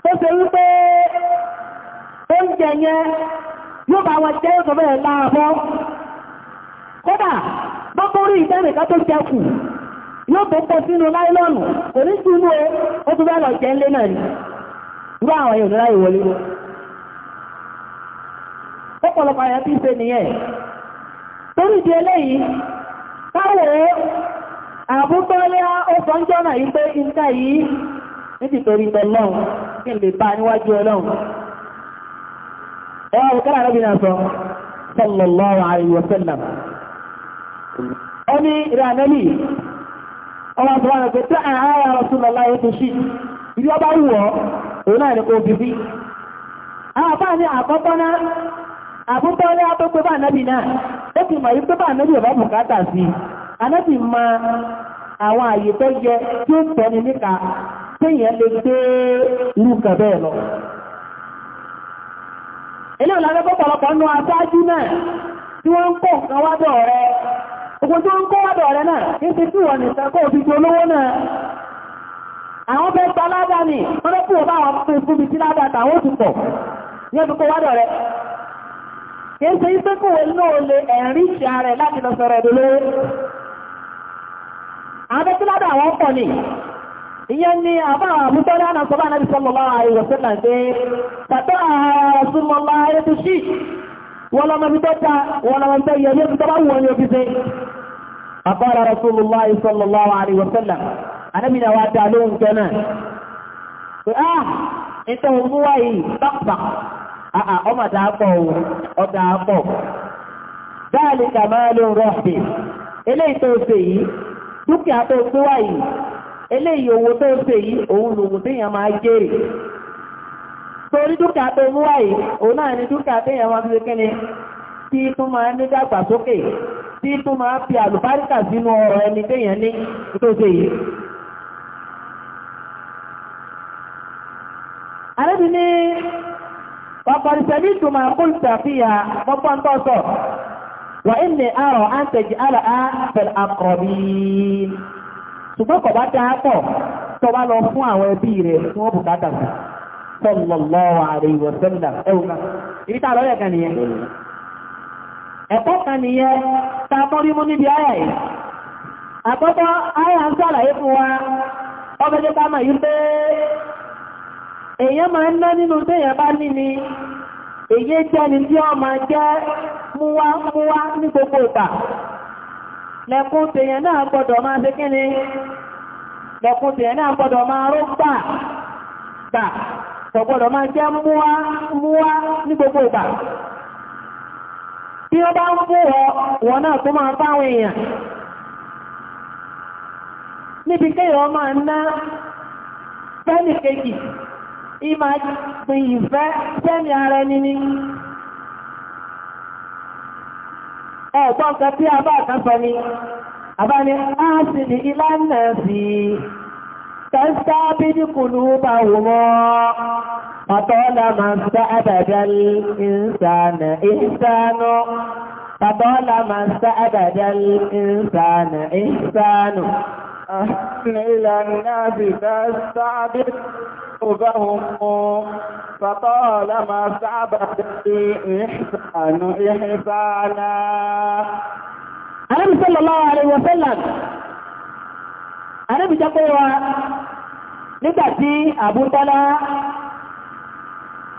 tó ṣe wípé oúnjẹ yẹn yóò bá wọn jẹ́ ìsọ̀fẹ́ ẹ̀ láàbọ̀ kódà gbogbo orí ìtẹ́rì ká tó jẹ kù yóò tó pọ̀ sínú láìlọ́nù kò ní sí inú ó tún bẹ́ẹ̀ lọ jẹ́ ńlé náà ni irú àwọn èèyàn nílá ìwọlé lọ ọ̀pọ̀lọpọ̀ àyà tí ṣe nìyẹn torí di eléyìí káwò ó sọ ń jọ́nà yìí pé yìí kí Ọ wá wọ́kẹ́lá na bìnrin na sallallahu alayhi wa sallam ó ní ìrẹ́ ànẹ́lì ọmọ àti wọn pé tí àyà Rasulullah yóò tó ṣì ọba Anabi àwọn àyè tó yẹ tí ó níka lè gbé bẹ́ẹ̀ lọ ilé ìlànà pọ̀pọ̀lọpọ̀ nù aṣáájú náà tí wọ́n ń kó nǹkan wádọ̀ rẹ̀ ogun tí ń kó wádọ̀ rẹ̀ náà ní ti tí wọ́n nìkan kó òbí olówó náà àwọn bẹ́ẹ̀ gba ládàá ni wọ́n bẹ́ẹ̀ kúrò báwọn fún ibi tí ládàá tàwọn ó ti pọ̀ ìyẹn ni àbá àmútọ́lá náà sọ́bá náà sọ́lọ́lá ìwọ̀sẹ́lá pé tàbí àṣùmọ̀lá ètò sí wọ́n lọ́mọ bí tọ́ta wọ́n lọ́mọ tẹ́ yẹ yóò tọ́bá wọ́n yóò àbára rasulullah sọ́lọ́lá ìwọ̀sẹ́lá anábìnà wa dá lóhun tọ́ pé á ìtọ́ òun mú wáyé pápá àà ọmọ dàápọ̀ ọ̀dà dáàlì kàmáà ló ń rọ̀ eléyìí owó tó ń pè yìí òun lòun téèyàn máa jèrè torí dúkìá tó mú wáyìí òun náà ni dúkìá téèyàn máa fi kíni tí tún máa ní dàgbàsókè tí tún máa fi àlùbáríkà sínú ọ̀rọ̀ ẹni téèyàn ní tó ṣe yìí. àrẹ́bí ní ọ̀pọ̀lọpọ̀ ìtumọ̀ kúlùtà fìyà gbọ́gbọ́n tó sọ wà ní àrọ̀ àǹtẹ̀jì àlà á fẹ̀lẹ̀ ṣùgbọ́n kọ̀ bá dáa pọ̀ tó lọ fún àwọn ẹbí rẹ̀ tí wọ́n bùkátà sí ibi kan nìyẹn ẹ̀kọ́ kan nìyẹn tààtọ́rí mú níbi ayà yìí àkọ́kọ́ ayà ń sàlàyé fún wa mà yí pé máa ń ná nínú téèyàn bá ní ni èyí jẹ́ ni tí ọ máa jẹ́ múwá múwá lẹ́kún tèèyàn náà gbọ́dọ̀ máa ṣe kí ni lẹ́kún tèèyàn máa gbà jẹ́ múwá ní gbogbo ìgbà bụ ó bá ń mú ọ wọ́n náà tó máa èèyàn níbi máa ná ìmá fẹ́ni ara ẹni ẹ̀gbọ́n kan tí a bá kan sọ ni àbáni láti ní ìlànà sí tẹ́sítà bídíkùlù bá wù mọ́ pàtọ́lá máa ń sá àbàdà ìsànà ìsànà pàtọ́lá máa ń sá àbàdà ìsànà ìsànà ah, ìlànà sí tẹ́sítà bídíkùlù عقبهم فطالما سعبت الإحسان إحسانا النبي صلى الله عليه وسلم النبي jẹ́ wa nígbà tí àbútọ́lá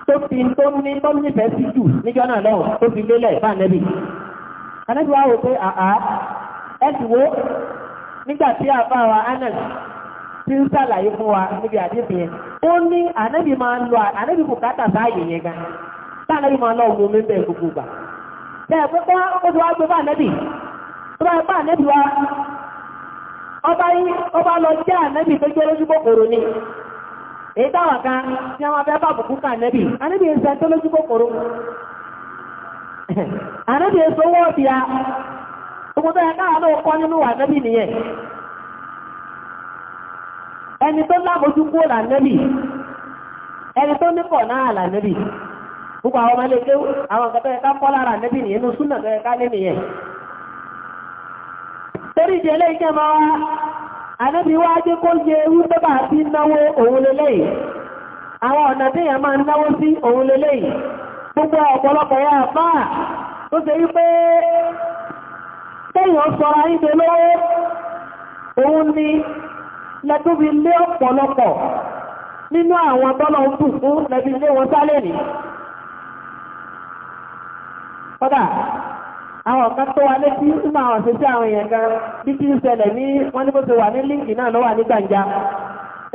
tó fi tó ní tó nífẹ̀ẹ́ sí jù níjọ́ náà lọ́wọ́ tó fi lélẹ̀ bá nẹ́bì. anábíwá wò pé àá ẹ̀sùwó Anas tí ń sàlàyé fún wa níbi àdífì yẹn ó ní ànẹ́bì máa lọ ànẹ́bì kò kátà sáàyè yẹn gan tá ànábì máa lọ òun omi gbogbo gbà ọba ọba lọ jẹ́ tó jẹ́ lójú kòkòrò ni èyí táwà a bá bùkún ń lójú kòkòrò ń sọ wọ́ọ̀dì ẹni tó lámojú kúrò lànẹ́bì ẹni tó nípọ̀ náà lànẹ́bì púpọ̀ àwọn ọmọlé kéwú àwọn tó ká kọ́ lára nẹ́bì nìyẹn ní súnà tó ká lé nìyẹn torí ìdí eléyìí máa wá ànẹ́bì wá jẹ́ kó yẹ ti náwó òun lélẹ́yìí àwọn ọ̀nà tí èèyàn máa náwó sí òun lélẹ́yìí gbogbo ọ̀pọ̀lọpọ̀ yà bá tó ṣe wípé kéèyàn sọra ìdè ni lẹ́tọ́bi lé ọ̀pọ̀lọpọ̀ nínú àwọn tọ́lọ̀ ń dùn fún lẹ́bi lé wọn sálẹ̀ ní. kódà àwọn kan tó wá létí nínú àwọn àṣẹṣẹ àwọn èèyàn gan bí kí ń ṣẹlẹ̀ ní wọ́n ní bó ti wà ní líǹkì náà ló wà ní gbàǹjà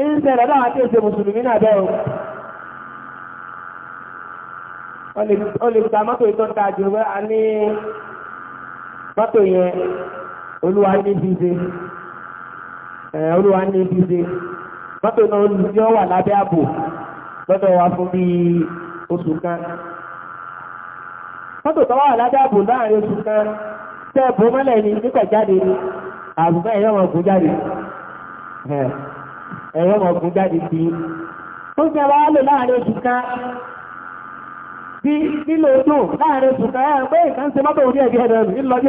ń ṣẹlẹ̀ láwọn tí èsè mùsùlùmí náà bẹ́ẹ̀ o. o lè gba mọ́tò yìí tó ń ta àjò wẹ́ a ní mọ́tò yẹn olúwa ní bíi Eh, olúwa ní ibi ṣe mọ́tò náà yọ wà lábẹ́ ààbò lọ́dọ̀ wa fún bí oṣù kan mọ́tò tó lábẹ́ ààbò láàrin oṣù kan tẹ́ bó mọ́lẹ̀ ni nípẹ̀ jáde ni àbúgbà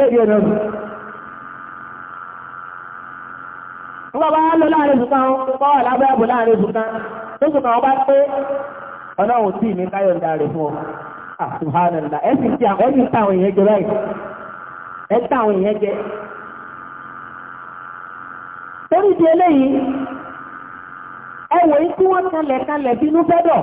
eh, ẹ̀yọ́ nígbà bá lọ láàrin ìbùkan kọ́ wà lábẹ́ àbò láàrin ìbùkan tó sùn kan ọba pé ọlọ́run tí ní káyọ̀ǹda rẹ̀ fún ọ àtùhánàlá ẹ sì ti àwọn ẹni táwọn èèyàn jẹ báyìí ẹ táwọn èèyàn jẹ torí di eléyìí ẹwọ̀ yìí tí wọ́n kanlẹ̀ kanlẹ̀ bínú fẹ́dọ̀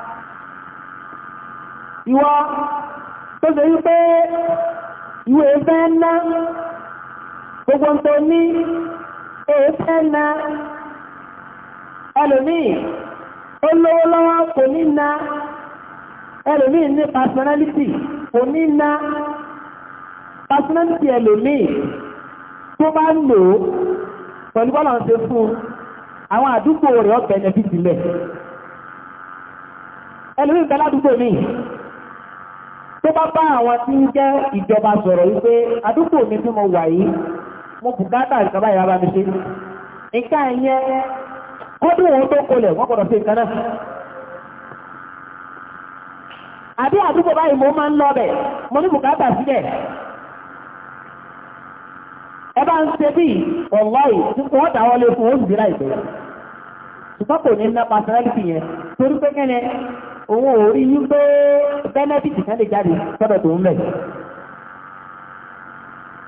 ìwọ tó ṣe yí pé ìwé fẹ́ ná gbogbo tó ní èé fẹ́ ná ẹlòmíì ó lówó lọ́wọ́ kò ní ná ẹlòmíì ní personality kò ní ná personality ẹlòmíì tó bá ń lò ó pẹ̀lú bọ́lá ń ṣe fún àwọn àdúgbò rẹ̀ ọ̀pẹ̀ ẹ̀yẹ̀ bí sílẹ̀ ẹlòmíì bẹ́lá àdúgbò míì tó bá bá àwọn tí ń jẹ́ ìjọba sọ̀rọ̀ wípé àdúgbò mi tí mo wà yìí mo bùkátà ìjọba ìyá bá mi ṣe nǹkan ẹ̀yẹ kọ́dún òun tó kolẹ̀ wọ́n gbọ́dọ̀ ṣe nǹkan náà àbí àdúgbò báyìí mo máa ń lọ bẹ̀ mo ní bùkátà sílẹ̀ ẹ bá ń ṣe bí ọ̀láì tí wọ́n fún oṣù ṣùgbọ́n kò ní ná pàṣẹ òun ò rí wípé bẹ́nẹ́fìtì kan lè jáde sọ́dọ̀ tó ń bẹ̀.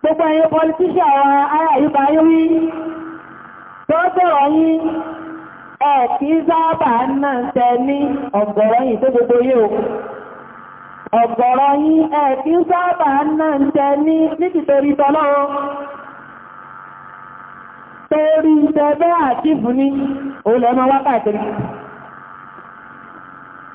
gbogbo ẹ̀yin pọlitíṣà àwọn ará ìbá yórí tó sọ̀rọ̀ yín ẹ̀ kí sábà náà tẹ ní ọ̀gọ̀rọ̀ yìí tó gbogbo yóò ọ̀gọ̀rọ̀ yín ẹ̀ kí sábà náà tẹ ní nítorí tọ́lọ́rọ̀ torí tẹ́bẹ́ àti ìbùní olè ọmọ wákàtí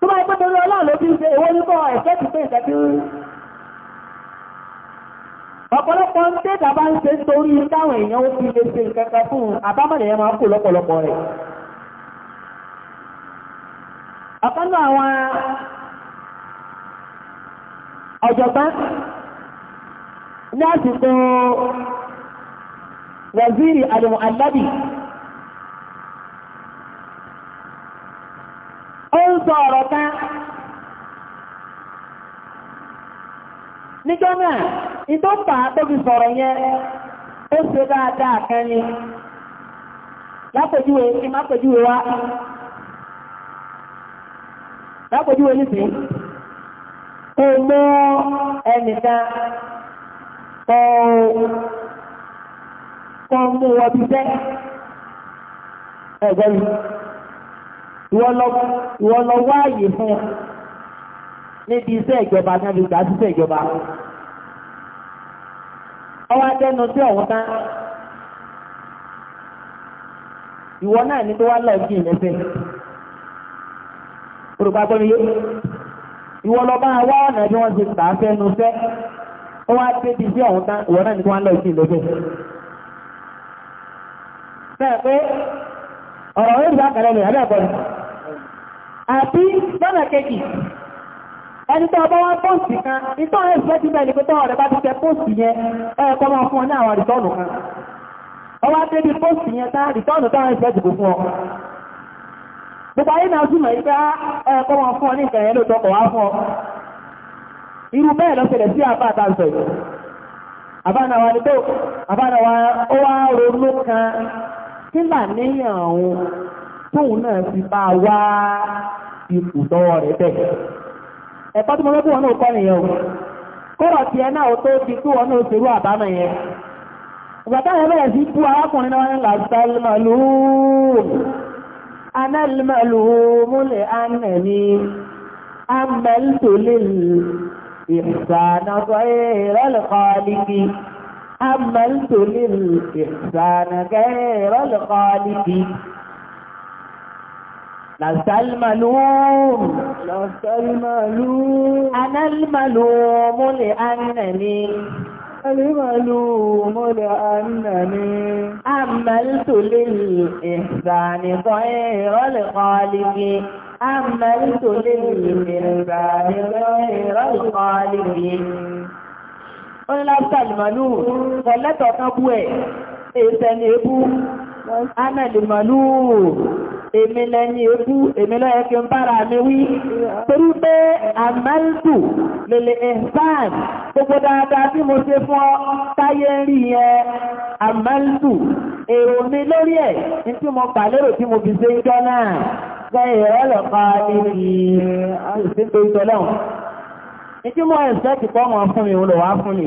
tó bá ẹgbẹ́ torí ọlọ́run ló fi ń ṣe ewé nígbọ́ ẹ̀fẹ́ ti pé ìtẹ́bí ọ̀pọ̀lọpọ̀ ń tẹ́ ìjàmbá ń ṣe torí táwọn èèyàn ó fi lè ṣe ìkẹ́kẹ́ fún àbámọ̀lẹ̀ yẹn máa kú lọ́pọ̀lọpọ̀ rẹ̀ ọ̀pọ̀lọpọ̀ àwọn ọ̀jọ̀gbọ́n ní àsìkò waziri alimu alabi sọ ọ̀rọ̀ kan níjọ́ náà ìtọ́pà tó fi sọ̀rọ̀ yẹn ó ṣe dáadáa kan ni lápòjúwe kí má pòjúwe wá lápòjúwe nìsín kò mọ ẹnìkan kọ́ mú wọ́n jẹ́ ẹ̀gbọ́n mi. ìwọ lọ wá ààyè fún níbi iṣẹ́ ìjọba ní abìgbà síṣẹ́ ìjọba wá adẹ́nu si ọ̀hún tán ìwọ náà ní tó wá lọ jí ìlẹ́fẹ́ olùgbà gbọ́n yé ìwọ lọ bá wá ọ̀nà bí wọ́n ti gbà á fẹ́nu fẹ́ wá adẹ́bi tí ọ̀hún tán ìwọ náà ní tó wá lọ jí ìlẹ́fẹ́ bẹ́ẹ̀ pé ọ̀rọ̀ orí ìgbà kẹlẹ́ ni ẹ̀rẹ́ ẹ̀kọ́ ni. àbí lọ́nà kejì ẹni tó ọba wá pọ́ǹsì kan ìtọ́ ẹ̀sùn ti bẹ̀rẹ̀ pé tọ́wọ́ rẹ̀ bá ti tẹ pọ́ǹsì yẹn ẹ̀ẹ̀kọ́ máa fún ọ ní àwọn rìtọ́ọ̀nù kan ọwá débi pọ́ǹsì yẹn tá rìtọ́ọ̀nù táwọn ẹ̀sùn ti kò fún ọ gbogbo ayé náà túnmọ̀ yí pé ẹ̀ẹ̀kọ́ máa fún ọ ní ìkẹyẹ ló tọkọ̀ wá fún ọ ipò tọ́wọ́ rẹ̀ bẹ̀. ẹ̀kọ́ tí mo fẹ́ kí wọn náà kọ́ nìyẹn o kọ́rọ̀ tiẹ̀ náà ó tó di kí wọn náà ṣerú àbámọ̀ yẹn. ìgbà táwọn bẹ̀rẹ̀ sí bú arákùnrin náà ń là sálmàlú análmàlú múlẹ̀ ánàmí amẹ́lítòlè ìsànàtọ̀ ìrẹ́lẹ̀kọ́lìkì amẹ́lítòlè ìsànàgẹ́rẹ́lẹ̀kọ́lìkì. Làṣàlmàlúùm. Làṣàlmàlúùm. Análmàlúùm ó lè ánàní. الملوم لأنني أملت للإحسان غير الخالق أملت للإحسان غير الخالق Orin láfíà lìmàlú ọ̀lẹ́tọ̀ kan bú ẹ̀, èsẹ̀ ni ebú, ánà lìmàlú èmi lẹ́ni ebú èmi lọ́yẹ kí n bára mi wí torí pé àmẹ́lùkù lèlè ẹ̀sán gbogbo dáadáa tí mo ṣe fún ọ táyé rí yẹn àmẹ́lùkù èrò mi lórí ẹ̀ ní tí mo gbà lérò tí mo fi ṣe jọ náà lẹ́yìn ọlọ́pàá níbi ìsìnkú ìtọ́lọ́hùn ní tí mo ẹ̀sẹ́ ti pọ́ mọ́ fún mi òun lò wá fún mi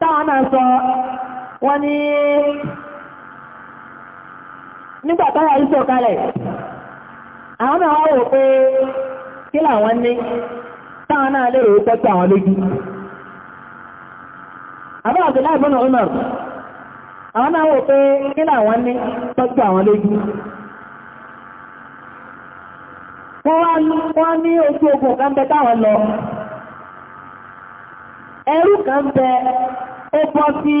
táwọn náà sọ wọ́n ní nígbà táyà yìí àwọn náà pé kí làwọn ní táwọn náà lè àwọn lójú àbá na ibn Umar àwọn náà wò pé kí làwọn ní àwọn lójú wọ́n wá ní ojú ogun kan lọ ẹrú kan bẹ ó bọ́ sí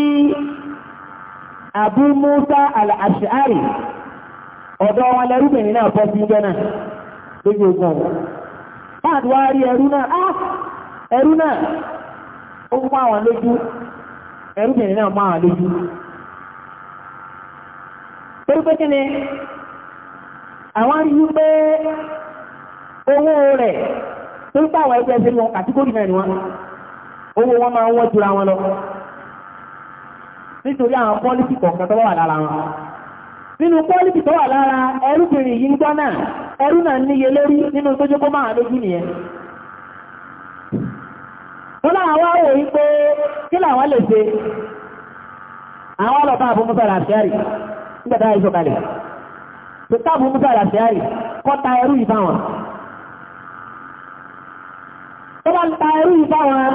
Abu Musa al-Ash'ari ọ̀dọ́ wọn lẹ́rúbìnrin náà bọ́ sí jẹ́ lójú ogun ọ̀wọ́. Báàdì wá náà, á ẹrú náà, ó mú àwọn lójú, ẹrúbìnrin náà mú àwọn lójú. Torí àwọn rí pé owó rẹ̀, àwọn ẹgbẹ́ owó wọn máa ń wọ́n jura wọn lọ nítorí àwọn pọ́lísì kọ̀ọ̀kan tó wà lára wọn nínú pọ́lísì tó wà lára ẹrúbìnrin yìí ń gbọ́ náà ẹrú náà níye lórí nínú tó jókòó máa lójú nìyẹn wọ́n awa ń ta ìbáwọn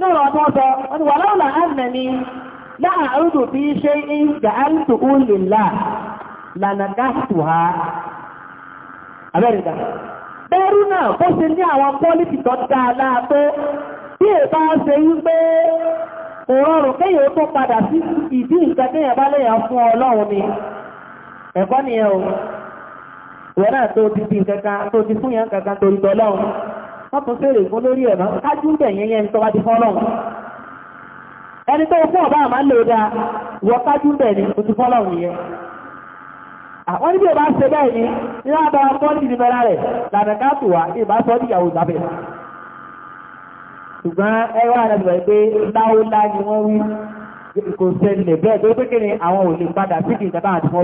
na ọdún ọdọ wà lọ́wọ́lá ẹ̀mẹ̀ni láà ọdún bí ṣe ń gà áìtò òlìlá lànàgáàtù ha abẹ́rẹ̀dà bẹ́rú náà bó bí èbá ṣe ń gbé tó padà sí ìdí nǹkan fún ọlọ́run ni ẹ̀kọ́ o náà tó ti nǹkan kan tó ti fún mọ́tún fèrè fún lórí ẹ̀mọ́ kájú ń bẹ̀yẹn yẹn tó bá ti fọ́lọ́run ẹni tó fún ọ̀bá àmà lè dáa wọ kájú ń bẹ̀ni ó ni nínú àbára pọ́ǹtì ní mẹ́ra rẹ̀ làmẹ̀ká tù wá ìbá sọ́ ní ìyàwó ìgbàbẹ̀ ṣùgbọ́n ẹwà rẹ̀ bẹ̀rẹ̀ pé láúlá ni wọ́n wí kò ṣẹlẹ̀ bẹ́ẹ̀ tó pé kíni àwọn ò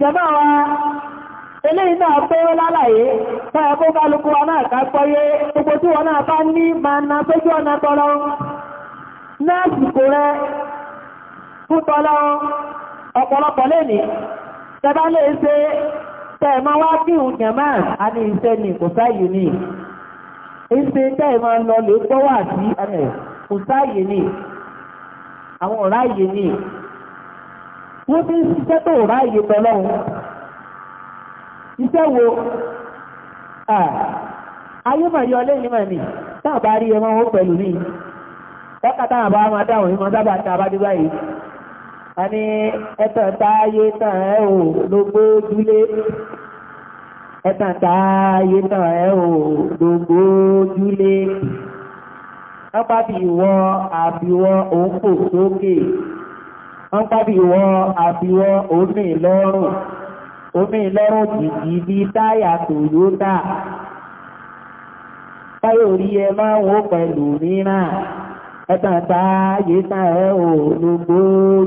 lè wa eléyìí náà fẹ́rẹ́ lálàyé fẹ́ẹ̀ kó kálukú wa náà ká gbọ́yé gbogbo tí wọn náà bá ní máa na sójú ọ̀nà tọ́lọ nọ́ọ̀sì kò rẹ fún tọ́lọ ọ̀pọ̀lọpọ̀ lẹ́nì tẹ́bá lè ṣe tẹ́ẹ̀mọ́ wá kí ìhùn jẹ̀mọ́ àní iṣẹ́ ni kò sáyé ni ìṣe tẹ́ẹ̀mọ́ lọ lè gbọ́ wà sí ẹ̀ kò sáyé ni iṣẹ́ wo ayémọ̀yọ lẹ́yìn mọ̀ ní táà bá rí ẹmọ wọn pẹ̀lú ní ọkàtà àbá máa dáhùn ní mọ́sábà tí a bá dúbá yìí a ní ẹ̀tàn táyé tàn ẹ́ ò ló gbó júlé ẹ̀tàn táyé tàn ẹ́ ò ló gbó júlé wọ́n pàbí ìwọ àbíwọ́ òǹkò sókè wọ́n pàbí ìwọ àbíwọ́ òǹmì lọ́rùn omi lọ́rùn tìtì bí táyà Toyota táyà ẹ máa wó pẹ̀lú mìíràn ẹ̀tàn táyé tán ẹ̀ ò lógbó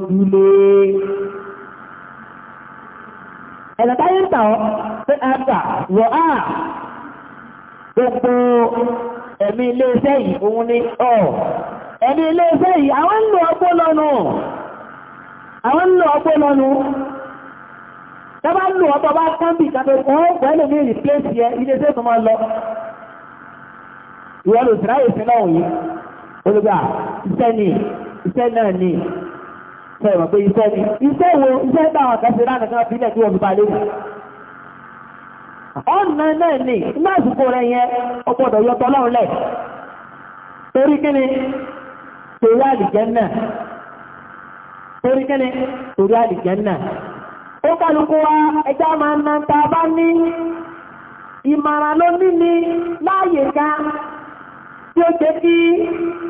dúlé ẹ̀nà táyé tàn pé àgbà wọ̀ á gbogbo ẹ̀mí iléeṣẹ́ yìí òun ni ọ̀ ẹ̀mí iléeṣẹ́ yìí àwọn ń lo ọgbó lọ́nu àwọn ń lo ọgbó lọ́nu tẹ́bá lò ọ́ bọ́bá kánbì ìkàtẹ́ ọ̀hún pẹ̀lú ní ìrìpléṣì ẹ iléeṣẹ́ tó máa lọ ìwọ́n lò sí ráyè sí náà yìí olùgbà iṣẹ́ ni iṣẹ́ náà ni sọ ìmọ̀ pé iṣẹ́ ni iṣẹ́ wo iṣẹ́ táwọn kan ṣe lánàá kan fi lẹ́kí ọ̀gbìn balẹ̀ wù. ọ̀nà náà ni iná àsìkò rẹ̀ yẹn ó gbọ́dọ̀ yọ tọ́lọ́run lẹ̀ torí kíni torí àlìjẹ́ náà torí kíni torí àlìjẹ́ náà ó kálukú wa ẹjá máa ń náà ta bá ní ìmàrà ló ní ní láàyè ká tí ó jẹ́ kí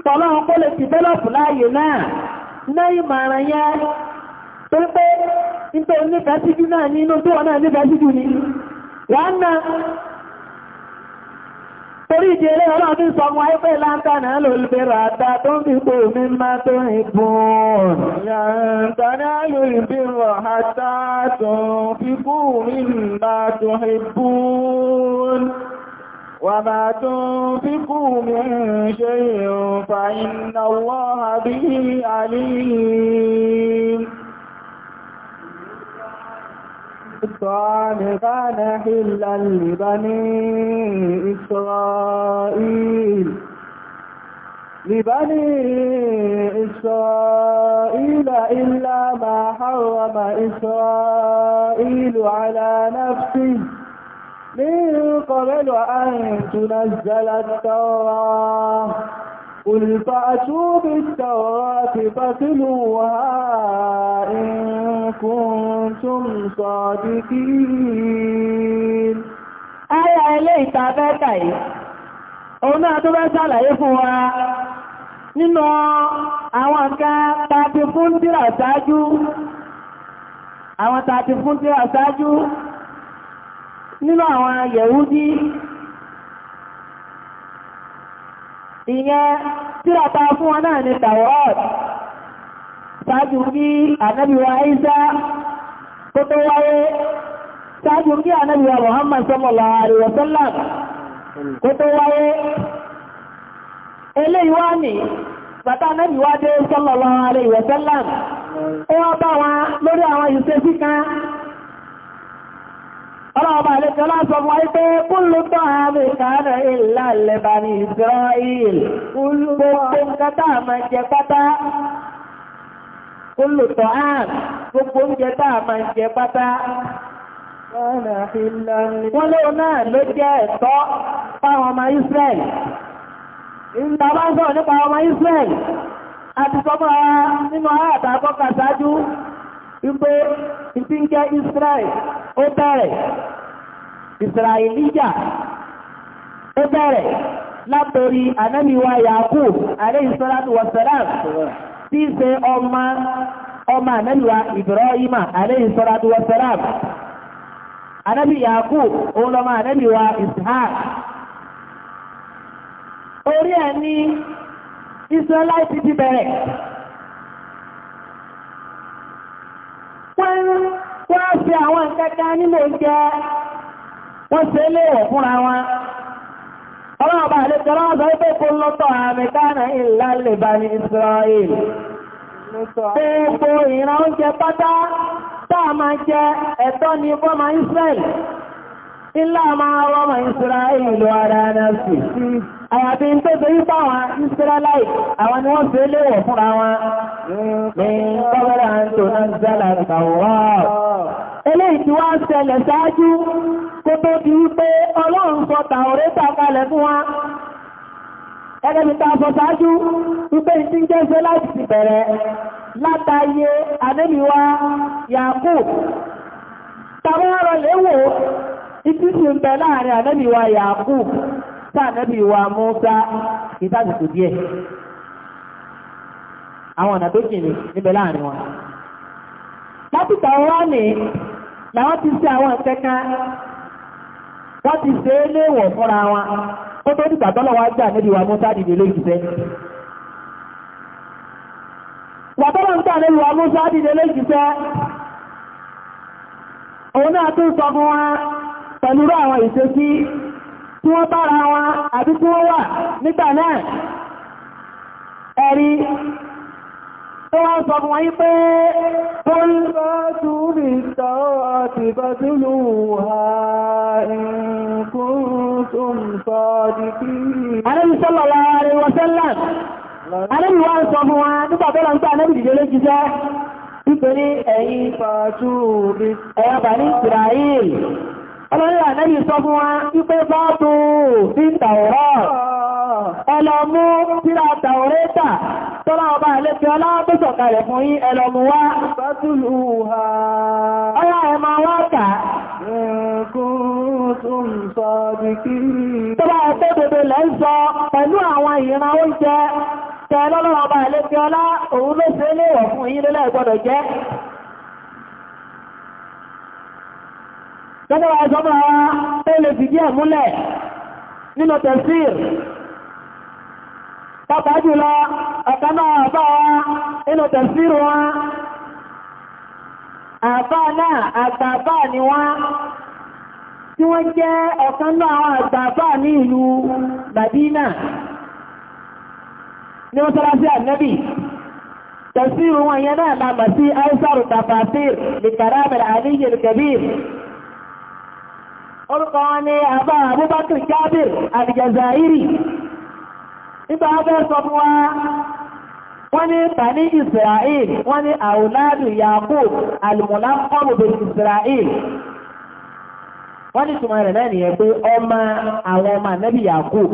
tọ́lọ́run kó lè dìbẹ́lọ̀pù láàyè náà ní ìmàrà yẹn tó pé nítorí síjú náà inú náà síjú wọ́n Torí ìdí ilé ọlọ́run tí sọ mọ́ ẹgbẹ́ láńtánà lòlùbẹ̀rẹ̀ àtà tó ń fi pò mí má tó ìbùn. Láńtánà lòlùbẹ̀rẹ̀ àtà tó ń fi pò mí má tó ìbùn. وما تنفقوا من شيء فإن الله به عليم الصالحان حلا لبني إسرائيل لبني إسرائيل إلا ما حرم إسرائيل على نفسه من قبل أن تنزل التوراة قل فأتوا بالتوراة فاتلوها إن كنتم صادقين Ayá ilé ìtafẹ́ta yìí, òun náà tó bẹ́ sàlàyé fún wa nínú àwọn kan tàbí fún tíra ṣáájú, nínú àwọn Yẹ̀húdí ìyẹn tírata fún wọn náà ni tàwọ́t ṣáájú kí ànábíwa Ìsá tó tó wáyé ṣáájú kí ànábíwa Muhammad sallallahu alaihi wasallam tó tó wáyé eléyìí ni bàtà ànábíwa dé sallallahu alaihi wasallam ó wá bá wọn lórí àwọn ìṣesí ọlọ́ọ̀bà àlejò lásọ fún wáyé pé kúlù tó àmì kàánà ìlà lẹ́bà ní Israel gbogbo nkátà máa jẹ pátá kúlù tó àmì gbogbo oúnjẹ tá a máa jẹ pátá wọ́n lóò náà ló jẹ́ ẹ̀tọ́ fáwọn Israel ìgbàbá sọ nípa ọmọ Israel àti sọmọ́ wípé ìpín jẹ́ Israel ó bẹ̀rẹ̀ Israelija ó bẹ̀rẹ̀ látòrí anábìwá Yakub alayhi salatu wa salam tí í ṣe ọmọ ọmọ anábìwá Ibrahima alayhi salatu wa salam anábì Yakub òun lọ́mọ anábìwá Ishaq orí ẹ̀ ní Israelite ti bẹ̀rẹ̀. wọ́n ṣe àwọn ìkẹta nílò jẹ́ wọ́n ṣe léèwọ̀ fúnra wọn ọlọ́ọ̀bà àlejọ́lá ọ̀sọ̀ ipé kó lọ́tọ̀ àmìkánà ìlà lè ní Israel gbogbo ìran oúnjẹ pátá nke àyàbí tó torí páwọn ìsírẹ́láì àwọn ni wọ́n fi léwọ̀ fúnra wọn ní kọ́bẹ̀rẹ̀ àǹtò náà zẹ́là ìtàwọ̀ eléyìí tí wọ́n ṣẹlẹ̀ ṣáájú kó tó di wípé ọlọ́run sọ tàórẹ́ta kalẹ̀ fún wa ẹgbẹ́ tá ànábì wa Mùsá ìtàsìkò díẹ̀ àwọn ọ̀nà tó jìnnì níbẹ̀ láàrin wọn. lápìtà wá ní làwọn ti ṣe àwọn ìkẹ́kẹ́ wọ́n ti ṣe é léèwọ̀ fúnra wọn ó tó dìgbà wá jà níbi wa Mùsá dìde lójúṣẹ́. wà tọ́lọ̀ ń níbi wa dìde tí wọ́n bára wọn àbí tí wọ́n wà nígbà náà ẹ̀rí tó wọ́n sọ fún wọ́n pé wọ́n bá túnbí tàwọ́ àti bá túnlù ha ìkún tó ń sọ dìkí arẹ́bìsọ́lọ̀lá rẹ̀ wọ́sẹ́lá arẹ́bìwá sọ fún wọn nígbà tó lọ ń pẹ́ anẹ́bìdìdẹ́ lójíṣẹ́ nítorí ẹ̀yìn fàájú ẹ̀yà bà ní Israel ọlọ́rẹ́ ànẹ́bì sọ fún wa wípé bá tó sí tàwọ̀rọ̀ ẹlọ́mú síra tàwọ̀rẹ́ta tọ́lá ọba àlẹ́fẹ́ ọlá tó sọ̀kalẹ̀ fún yí ẹlọ́mú wá ọlá ẹmọ wá kà tọ́lá ọ̀pẹ́ bèbè lẹ́sọ pẹ̀lú àwọn ìran oúnjẹ tẹ́lọ́lọ́wọ́ tọ́bọ̀rọ̀ ọjọ́mọ̀ ara tó lè fìdí ẹ̀ múlẹ̀ nínú tẹ̀sír pápá jùlọ ọ̀kan náà bá wa nínú tẹ̀sír wọn àbá náà àgbàbá ni wọ́n tí wọ́n jẹ́ ọ̀kan náà àwọn àgbàbá ní ìlú Madina ní wọ́n sọ́lá sí ànẹ́bì tẹ̀sír wọn yẹn náà lámà sí aisar tafasir lè kàrà bẹ̀rẹ̀ àníyàn kẹbíir orúkọ wọn ni àbá abúbákìrì kábìr àdìjàzáírì nígbà abẹ́ sọ fún wa wọ́n ní bani israel wọ́n ní àwòládù yakub alùmọ̀lá kọ́bùbẹ̀ israel wọ́n ní túnmọ̀ rẹ̀ náà nìyẹn pé ọmọ àwọn ọmọ ànábì yakub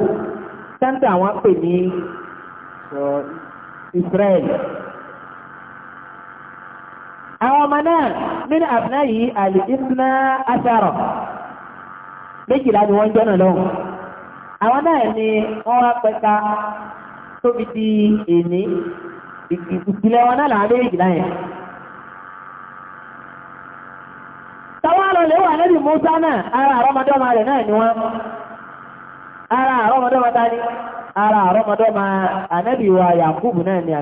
sẹ́ńtà àwọn pè ní israel àwọn ọmọ náà nínú àbúrá yìí àlè ìsúná àṣàrọ̀ méjìlá ni wọ́n jọ́nà lọ́hùn àwọn náà ni wọ́n wá pẹta tóbi di èní ìpìlẹ̀ wọn náà làwọn méjìlá yẹn táwọn àlọ́lẹ̀ wà lẹ́bi Musa náà ara àrọ́mọdọ́mọ rẹ̀ náà ni wọ́n ara àrọ́mọdọ́mọ ta ara àrọ́mọdọ́mọ ànábì wa Yakubu náà ni wa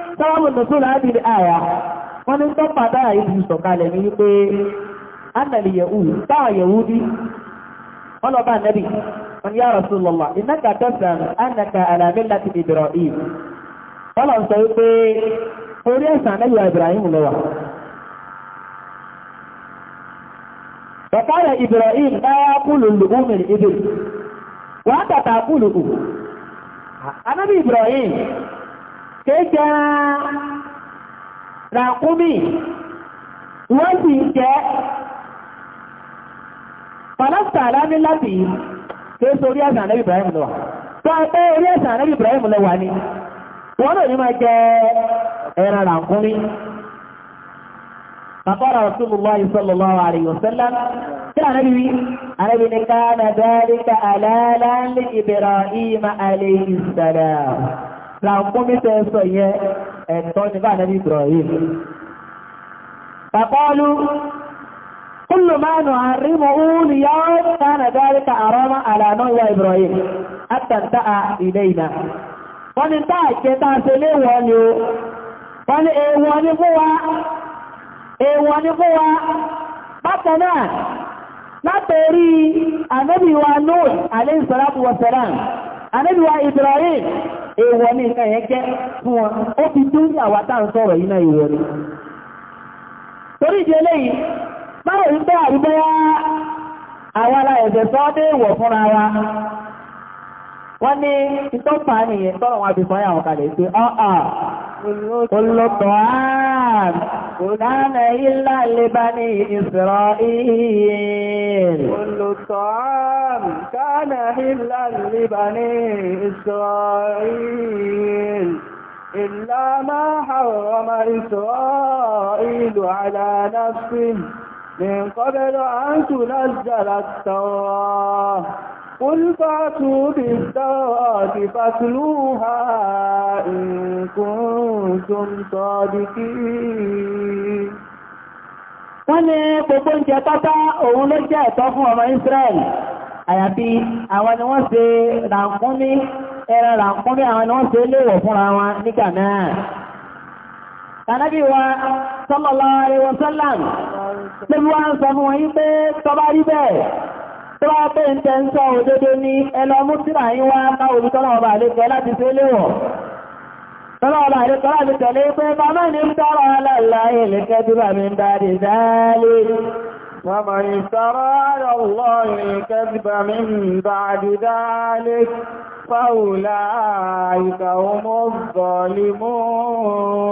sábàbù nùsùlù àbìrì àyà wọ́n ní tó pàdá àìsí sọ̀kalẹ̀ ní wípé annàlì yẹ̀wù táwà yẹ̀wù nẹ́bì wọ́n yá Rasulullah innaka tẹ́sàn annaka ala millati Ibrahim wọ́n lọ sọ wípé kéjà ràkúmì wọ́n sì jẹ́ pàlásà alámi láti kéèsò orí àṣà ànábì Ibrahim lọ tó ẹgbẹ́ orí àṣà ànábì Ibrahim lọ wà ní wọ́n lò ní máa jẹ ẹran ràkúmì فقال رسول الله صلى الله عليه وسلم كان نبي نبي كان ذلك ألالا لإبراهيم عليه السلام la tẹ́ sọ yẹn ihe ní bá nẹ́bí Ibrahim pàpọ́lú dáríkà àrọ́mà àlànà ìwà Ibrahim àtàntà ilé ìnà wọ́n ni táà jẹ́ ṣe lé wọ́n ni ó wọ́n ni èèwọ̀ ní fún èèwọ̀ ní fún wa bákan náà látòrí ànábì wa Nuh alayhi Ibrahim èèwọ̀ ní nǹkan yẹn jẹ́ fún wọn ó fi tún ní àwa tá à ń sọ̀rọ̀ yìí náà èèwọ̀ ni torí ìdí eléyìí báwo ń bẹ́ àrùbọ́wá àwa la ẹ̀sẹ̀ sọ́ọ́dẹ́ ìwọ̀ fúnra wa wọ́n ní ìtọ́fà nìyẹn tọ́rọ wọn àbìkọ́ yà wọ́n kalẹ̀ pé ọ́ọ̀ olóòtọ̀ ààrùn kò dáná ilá lébá ní ìsìrọ̀ ìhìn olóòtọ̀ ààrùn dáná ilá lébá ní ìsìrọ̀ ìhìn إلا ما حرم إسرائيل على قل فاتوا بالتوراة فاتلوها إن كنتم صادقين wọ́n ní gbogbo oúnjẹ tọ́tá òun ló jẹ́ ẹ̀tọ́ fún ọmọ Israel àyàfi àwọn ni wọ́n ṣe ràǹkúnmí ẹran ràǹkúnmí àwọn ni wọ́n ṣe léèwọ̀ fúnra wọn nígbà náà tànábí wa sallallahu alaihi wasallam tó bá pé ń tẹ́ ń sọ òdodo ní ẹlọ mú tíra yí wá bá olùtọ́lá ọba àlejò láti fi léwọ̀ tọ́lá ọba àlejò láti tẹ̀lé pé bàmá ní tọ́rọ aláìláyè lè kẹ́dúrà mi ń dáadé dáálé ومن افترى على الله الكذب من بعد ذلك فأولئك هم الظالمون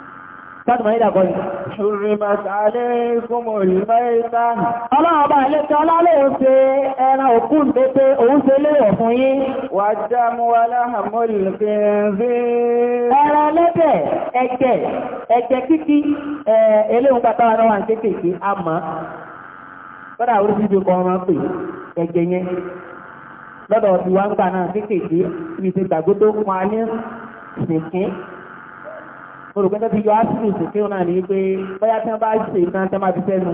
Sáàtì Màídà kọ́ ni. Ṣùrìmọ̀tì aléìkúmọ̀ ìlúmẹ́ta. Ọlọ́ọ̀bá ilé-ẹ̀kẹ́ ọlálẹ́ ń ṣe ẹran òkú pépé òun ṣe léèwọ̀ fún yín. Wà dámú wa láhàmọ́lì fẹ́ẹ̀fẹ́. Ẹran ẹlẹ́dẹ̀ ẹ̀jẹ̀ ẹ̀jẹ̀ kíkí eléhùn pátá wa náà wà kéékèèké àmọ́. Bọ́dà oríṣiríṣi kan máa pè ẹ̀jẹ̀ yẹn. Lọ́dọ̀ ọ̀sìn wa ń gbà náà kéékèèké ibi ìṣègbàgbótó wọn á ní sìnkín olùkọ́jọ́ ti yọ áṣírù sókè náà ní pé bóyá tí wọ́n bá ṣe ìtàn tí wọ́n máa fi sẹ́nu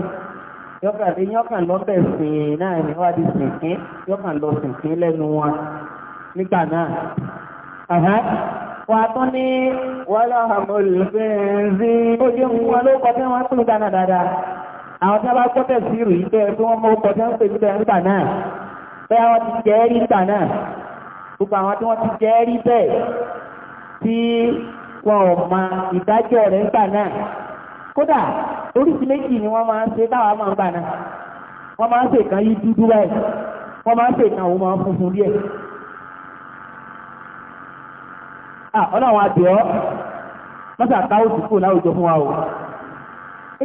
yọkàn lé yọkàn lọ́bẹ̀ sìn náà ní wọ́n ti sìnkín yọkàn lọ sìnkín lẹ́nu wọn nígbà náà. Wà tún ní wọ́lọ́ àmọ́lùfẹ́ẹ̀ẹ́sì. Ó jẹ́ mú wọn ló kọ́ tí wọ́n kúrò dáná dáadáa. Àwọn tí wọ́n bá kọ́tẹ̀ sí ìrù yìí bẹ́ẹ̀ tí wọ́n mọ́ kọ́ tí Gbogbo àwọn tí wọ́n ti jẹ́ rí bẹ́ẹ̀ tí wọn ọ ma ìdájọ́ rẹ̀ nígbà náà kódà oríṣi méjì ni wọ́n máa ń ṣe táwa máa ń gbà náà wọ́n máa ń ṣe kan yí dúdú báyìí wọ́n máa ń ṣe kan òun máa ń funfun díẹ̀. ọ. àti ọ́ lọ́sà táwọn òsì kò fún o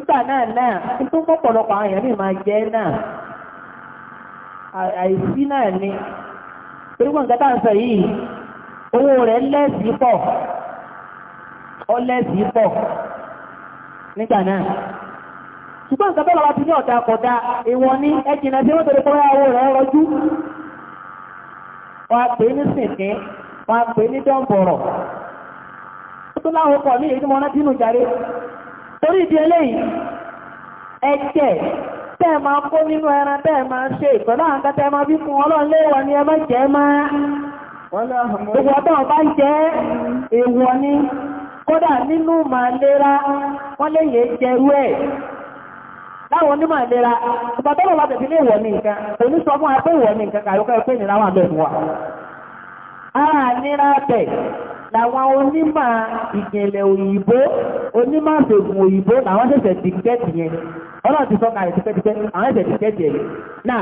náà naa, owó ọlẹ́sì pọ̀ nígbà náà ṣùgbọ́n nǹkan bẹ́ẹ̀ ti ní ọ̀dà kọ̀dà ìwọ̀n ní ẹjìnà tí wọ́n tẹ̀lé fọ́nrán owó rẹ̀ rọjú wọ́n á pè ní sìnkín wọ́n á pè ní dọ́ǹbọ̀rọ̀ ó tún láwọn ọkọ̀ ní èyí tí mo rántí torí ìdí eléyìí ẹ̀jẹ̀ tẹ́ máa kó nínú ẹran tẹ́ máa ṣe ìpẹ̀lú máa bí fún ọlọ́run léèwọ̀ ni ẹ má kódà nínú màálera wọ́n lè yẹ jẹrú ẹ̀ láwọn onímọ̀ ìlera ọba tọ́lọ̀ bá tẹ̀sí ìwọ̀ ní nǹkan òní sọ apé ìwọ̀ ní nǹkan kàyọ́kọ́ ẹgbẹ́ ìnira wà bẹ̀rù wa ara nira bẹ̀ làwọn onímọ̀ ìjìnlẹ̀ òyìnbó onímọ̀ òyìnbó làwọn ṣẹ̀ṣẹ̀ yẹn ọlọ́run ti sọ kàrẹ̀ àwọn yẹn náà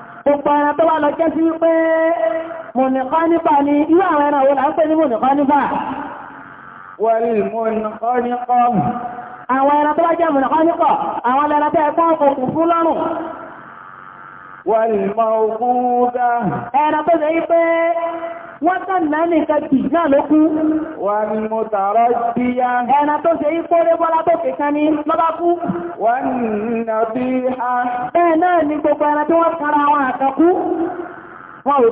gbogbo ẹran tó bá lọ jẹ́ sí wípé mùnìkọ́ nípa ni irú àwọn ẹran wo là ń pè ní mùnìkọ́ nípa àwọn ẹran tó bá jẹ́ mùnìkọ́ nípa àwọn Wàlmọ̀kúdá. Ẹran tó ṣe yí pé wọ́n tànà nìkan jì náà ló kú. Wàlmọ̀tàrọ̀ bí yá. Ẹran tó ṣe yí pé ó rébọ́lá tó kè kan ní lọ́bá kú. Wàlmọ̀ bí ha. Bẹ́ẹ̀ náà ni gbogbo ẹran tí wọ́n tara wọn àkàkú. Wọ́n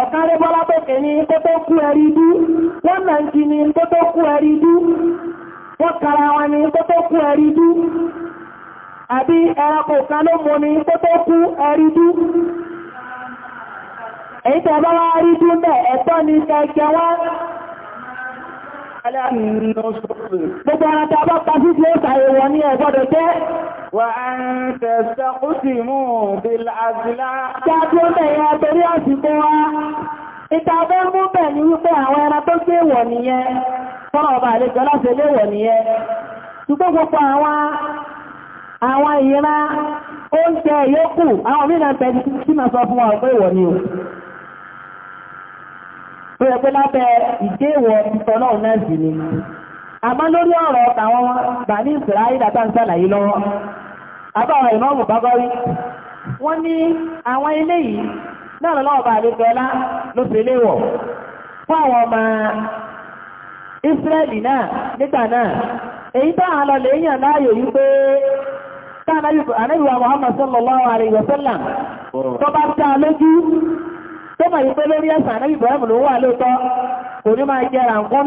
ọ̀kárẹ́ bọ́lá bọ́kẹ̀ ní kó tó kú ẹ̀rí dú wọ́n nà ń kí ní kó tó kú ẹ̀rí dú wọ́n kara wọn ní kó tó kú ẹ̀rí dú àbí ẹranko kan ló mú ní kó tó kú ẹ̀rí dú èyí وأن تستقسموا بالأزلاء تأتون يا بريا سبوا ìtàbẹ́ mú bẹ̀ ní wípé àwọn ẹran tó gbé wọ̀ nìyẹn fọ́nà ọba àlejò láti lé wọ̀ nìyẹn ṣùgbọ́n gbogbo àwọn ìran oúnjẹ yòókù àmọ́ lórí ọ̀rọ̀ wọn bà ní ìsìláìdà tó ń sàlàyé lọ́wọ́ àbáwọn ìmọ̀ọ̀mù bọ́gọ́rí wọ́n ní àwọn ilé yìí náà lọ́wọ́ bá àlejọ́lá ló fi léwọ̀ fún àwọn ọmọ Ísírẹ́lì náà nígbà náà èyí táwọn alọ́lẹ̀ èèyàn láàyò pé Muhammad sallallahu alayhi wa sallam tó bá a lójú tó mọ̀ yí pé lórí ẹ̀sán Anábìwà Ibrahim ló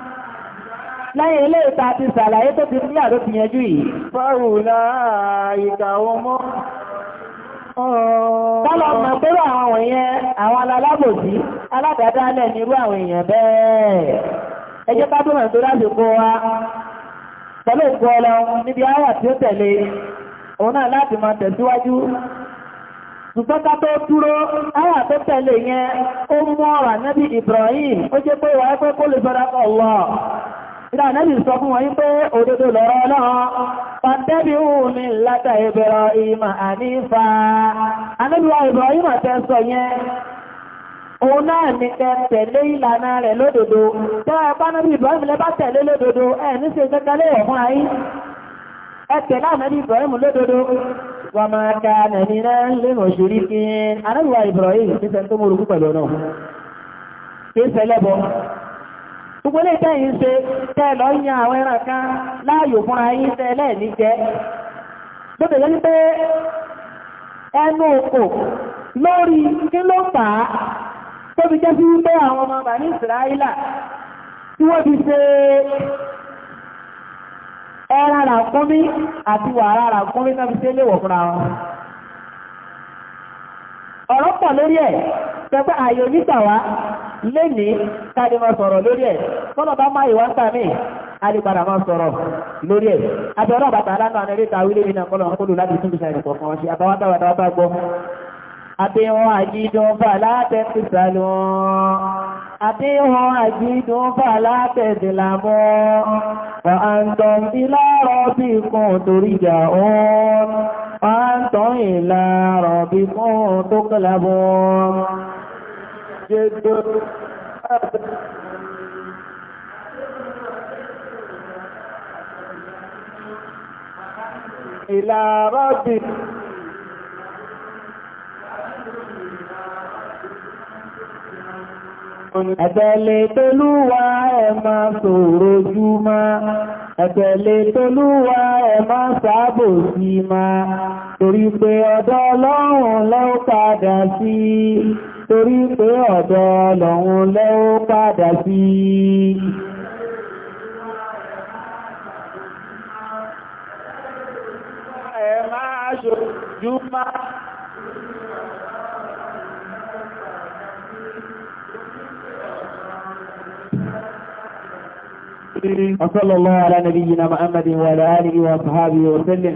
lẹ́yìn ilé ìta ti sàlàyé tó ti rí àrò ti yẹjú yìí. Fọ́rù ìgbà ọmọ. àwọn àwọn Pẹ̀lú ọlọ níbi àwà tí ó tẹ̀lé, òun náà láti máa tẹ̀síwájú. tó dúró, àwà tó tẹ̀lé yẹn, ó mú Ibrahim, ó jẹ́ pé kó ìdánẹ́bì sọ fún wọn pé òdodo lọ́rọ̀ lọ́wọ́ pàtẹ́bì omi látà ìbẹ̀rọ ìmọ̀ ànífà anẹ́bíwá ìbọ̀ ìmọ̀ tẹ́ sọ yẹn òun náà ní kẹ́ tẹ̀lé ìlànà rẹ̀ lódodo tẹ́wàá pánẹ́bì ìbọ̀ ìmìlẹ́ gbogbo ilé tẹ́yìn ṣe tẹ́ lọ yan àwọn ẹran kan láàyò fún tẹ́lẹ̀ ní jẹ́ gbogbo pé ẹnu òkò lórí kí ló fà á tó fi jẹ́ sí àwọn ọmọ tí wọ́n fi ṣe ẹran ràkúnmí àti wàrà ràkúnmí tó fi ṣe léwọ̀ lẹ́ni káàdì máa sọ̀rọ̀ lórí ẹ̀ tọ́lọ̀ bá máa ìwà ń tà mí alìpadà máa sọ̀rọ̀ lórí ẹ̀ abẹ́rẹ́ àbàtà aláàánú anẹ́rẹ́ta wílé nínú ọkọlọ̀ ọkọlù láti tún bíṣà ìrìnkọ̀ kan ṣe àbáwátàwátà gbọ́ àbíwọn àjídùn fà látẹ̀ ti sàlọ́ àbíwọn àjídùn fà látẹ̀ ti làmọ́ ọ̀hàntàn ìlàrọ̀ bí kún torí jà ọ́n ọ̀hàntàn ìlàrọ̀ bí kún tó جد أبد إلى ربي Ẹ̀tẹ̀lẹ̀ tolúwa ẹ máa sọ̀rọ̀ jú máa, ẹ̀tẹ̀lẹ̀ tolúwa ẹ máa sáàbò sí máa, torí pé ọ̀dọ̀ Ọlọ́run ló padà sí torí pé ọ̀dọ̀ lọ́hun lẹ́wọ́ padà sí ẹ وصلى الله على نبينا محمد وعلى آله وأصحابه وسلم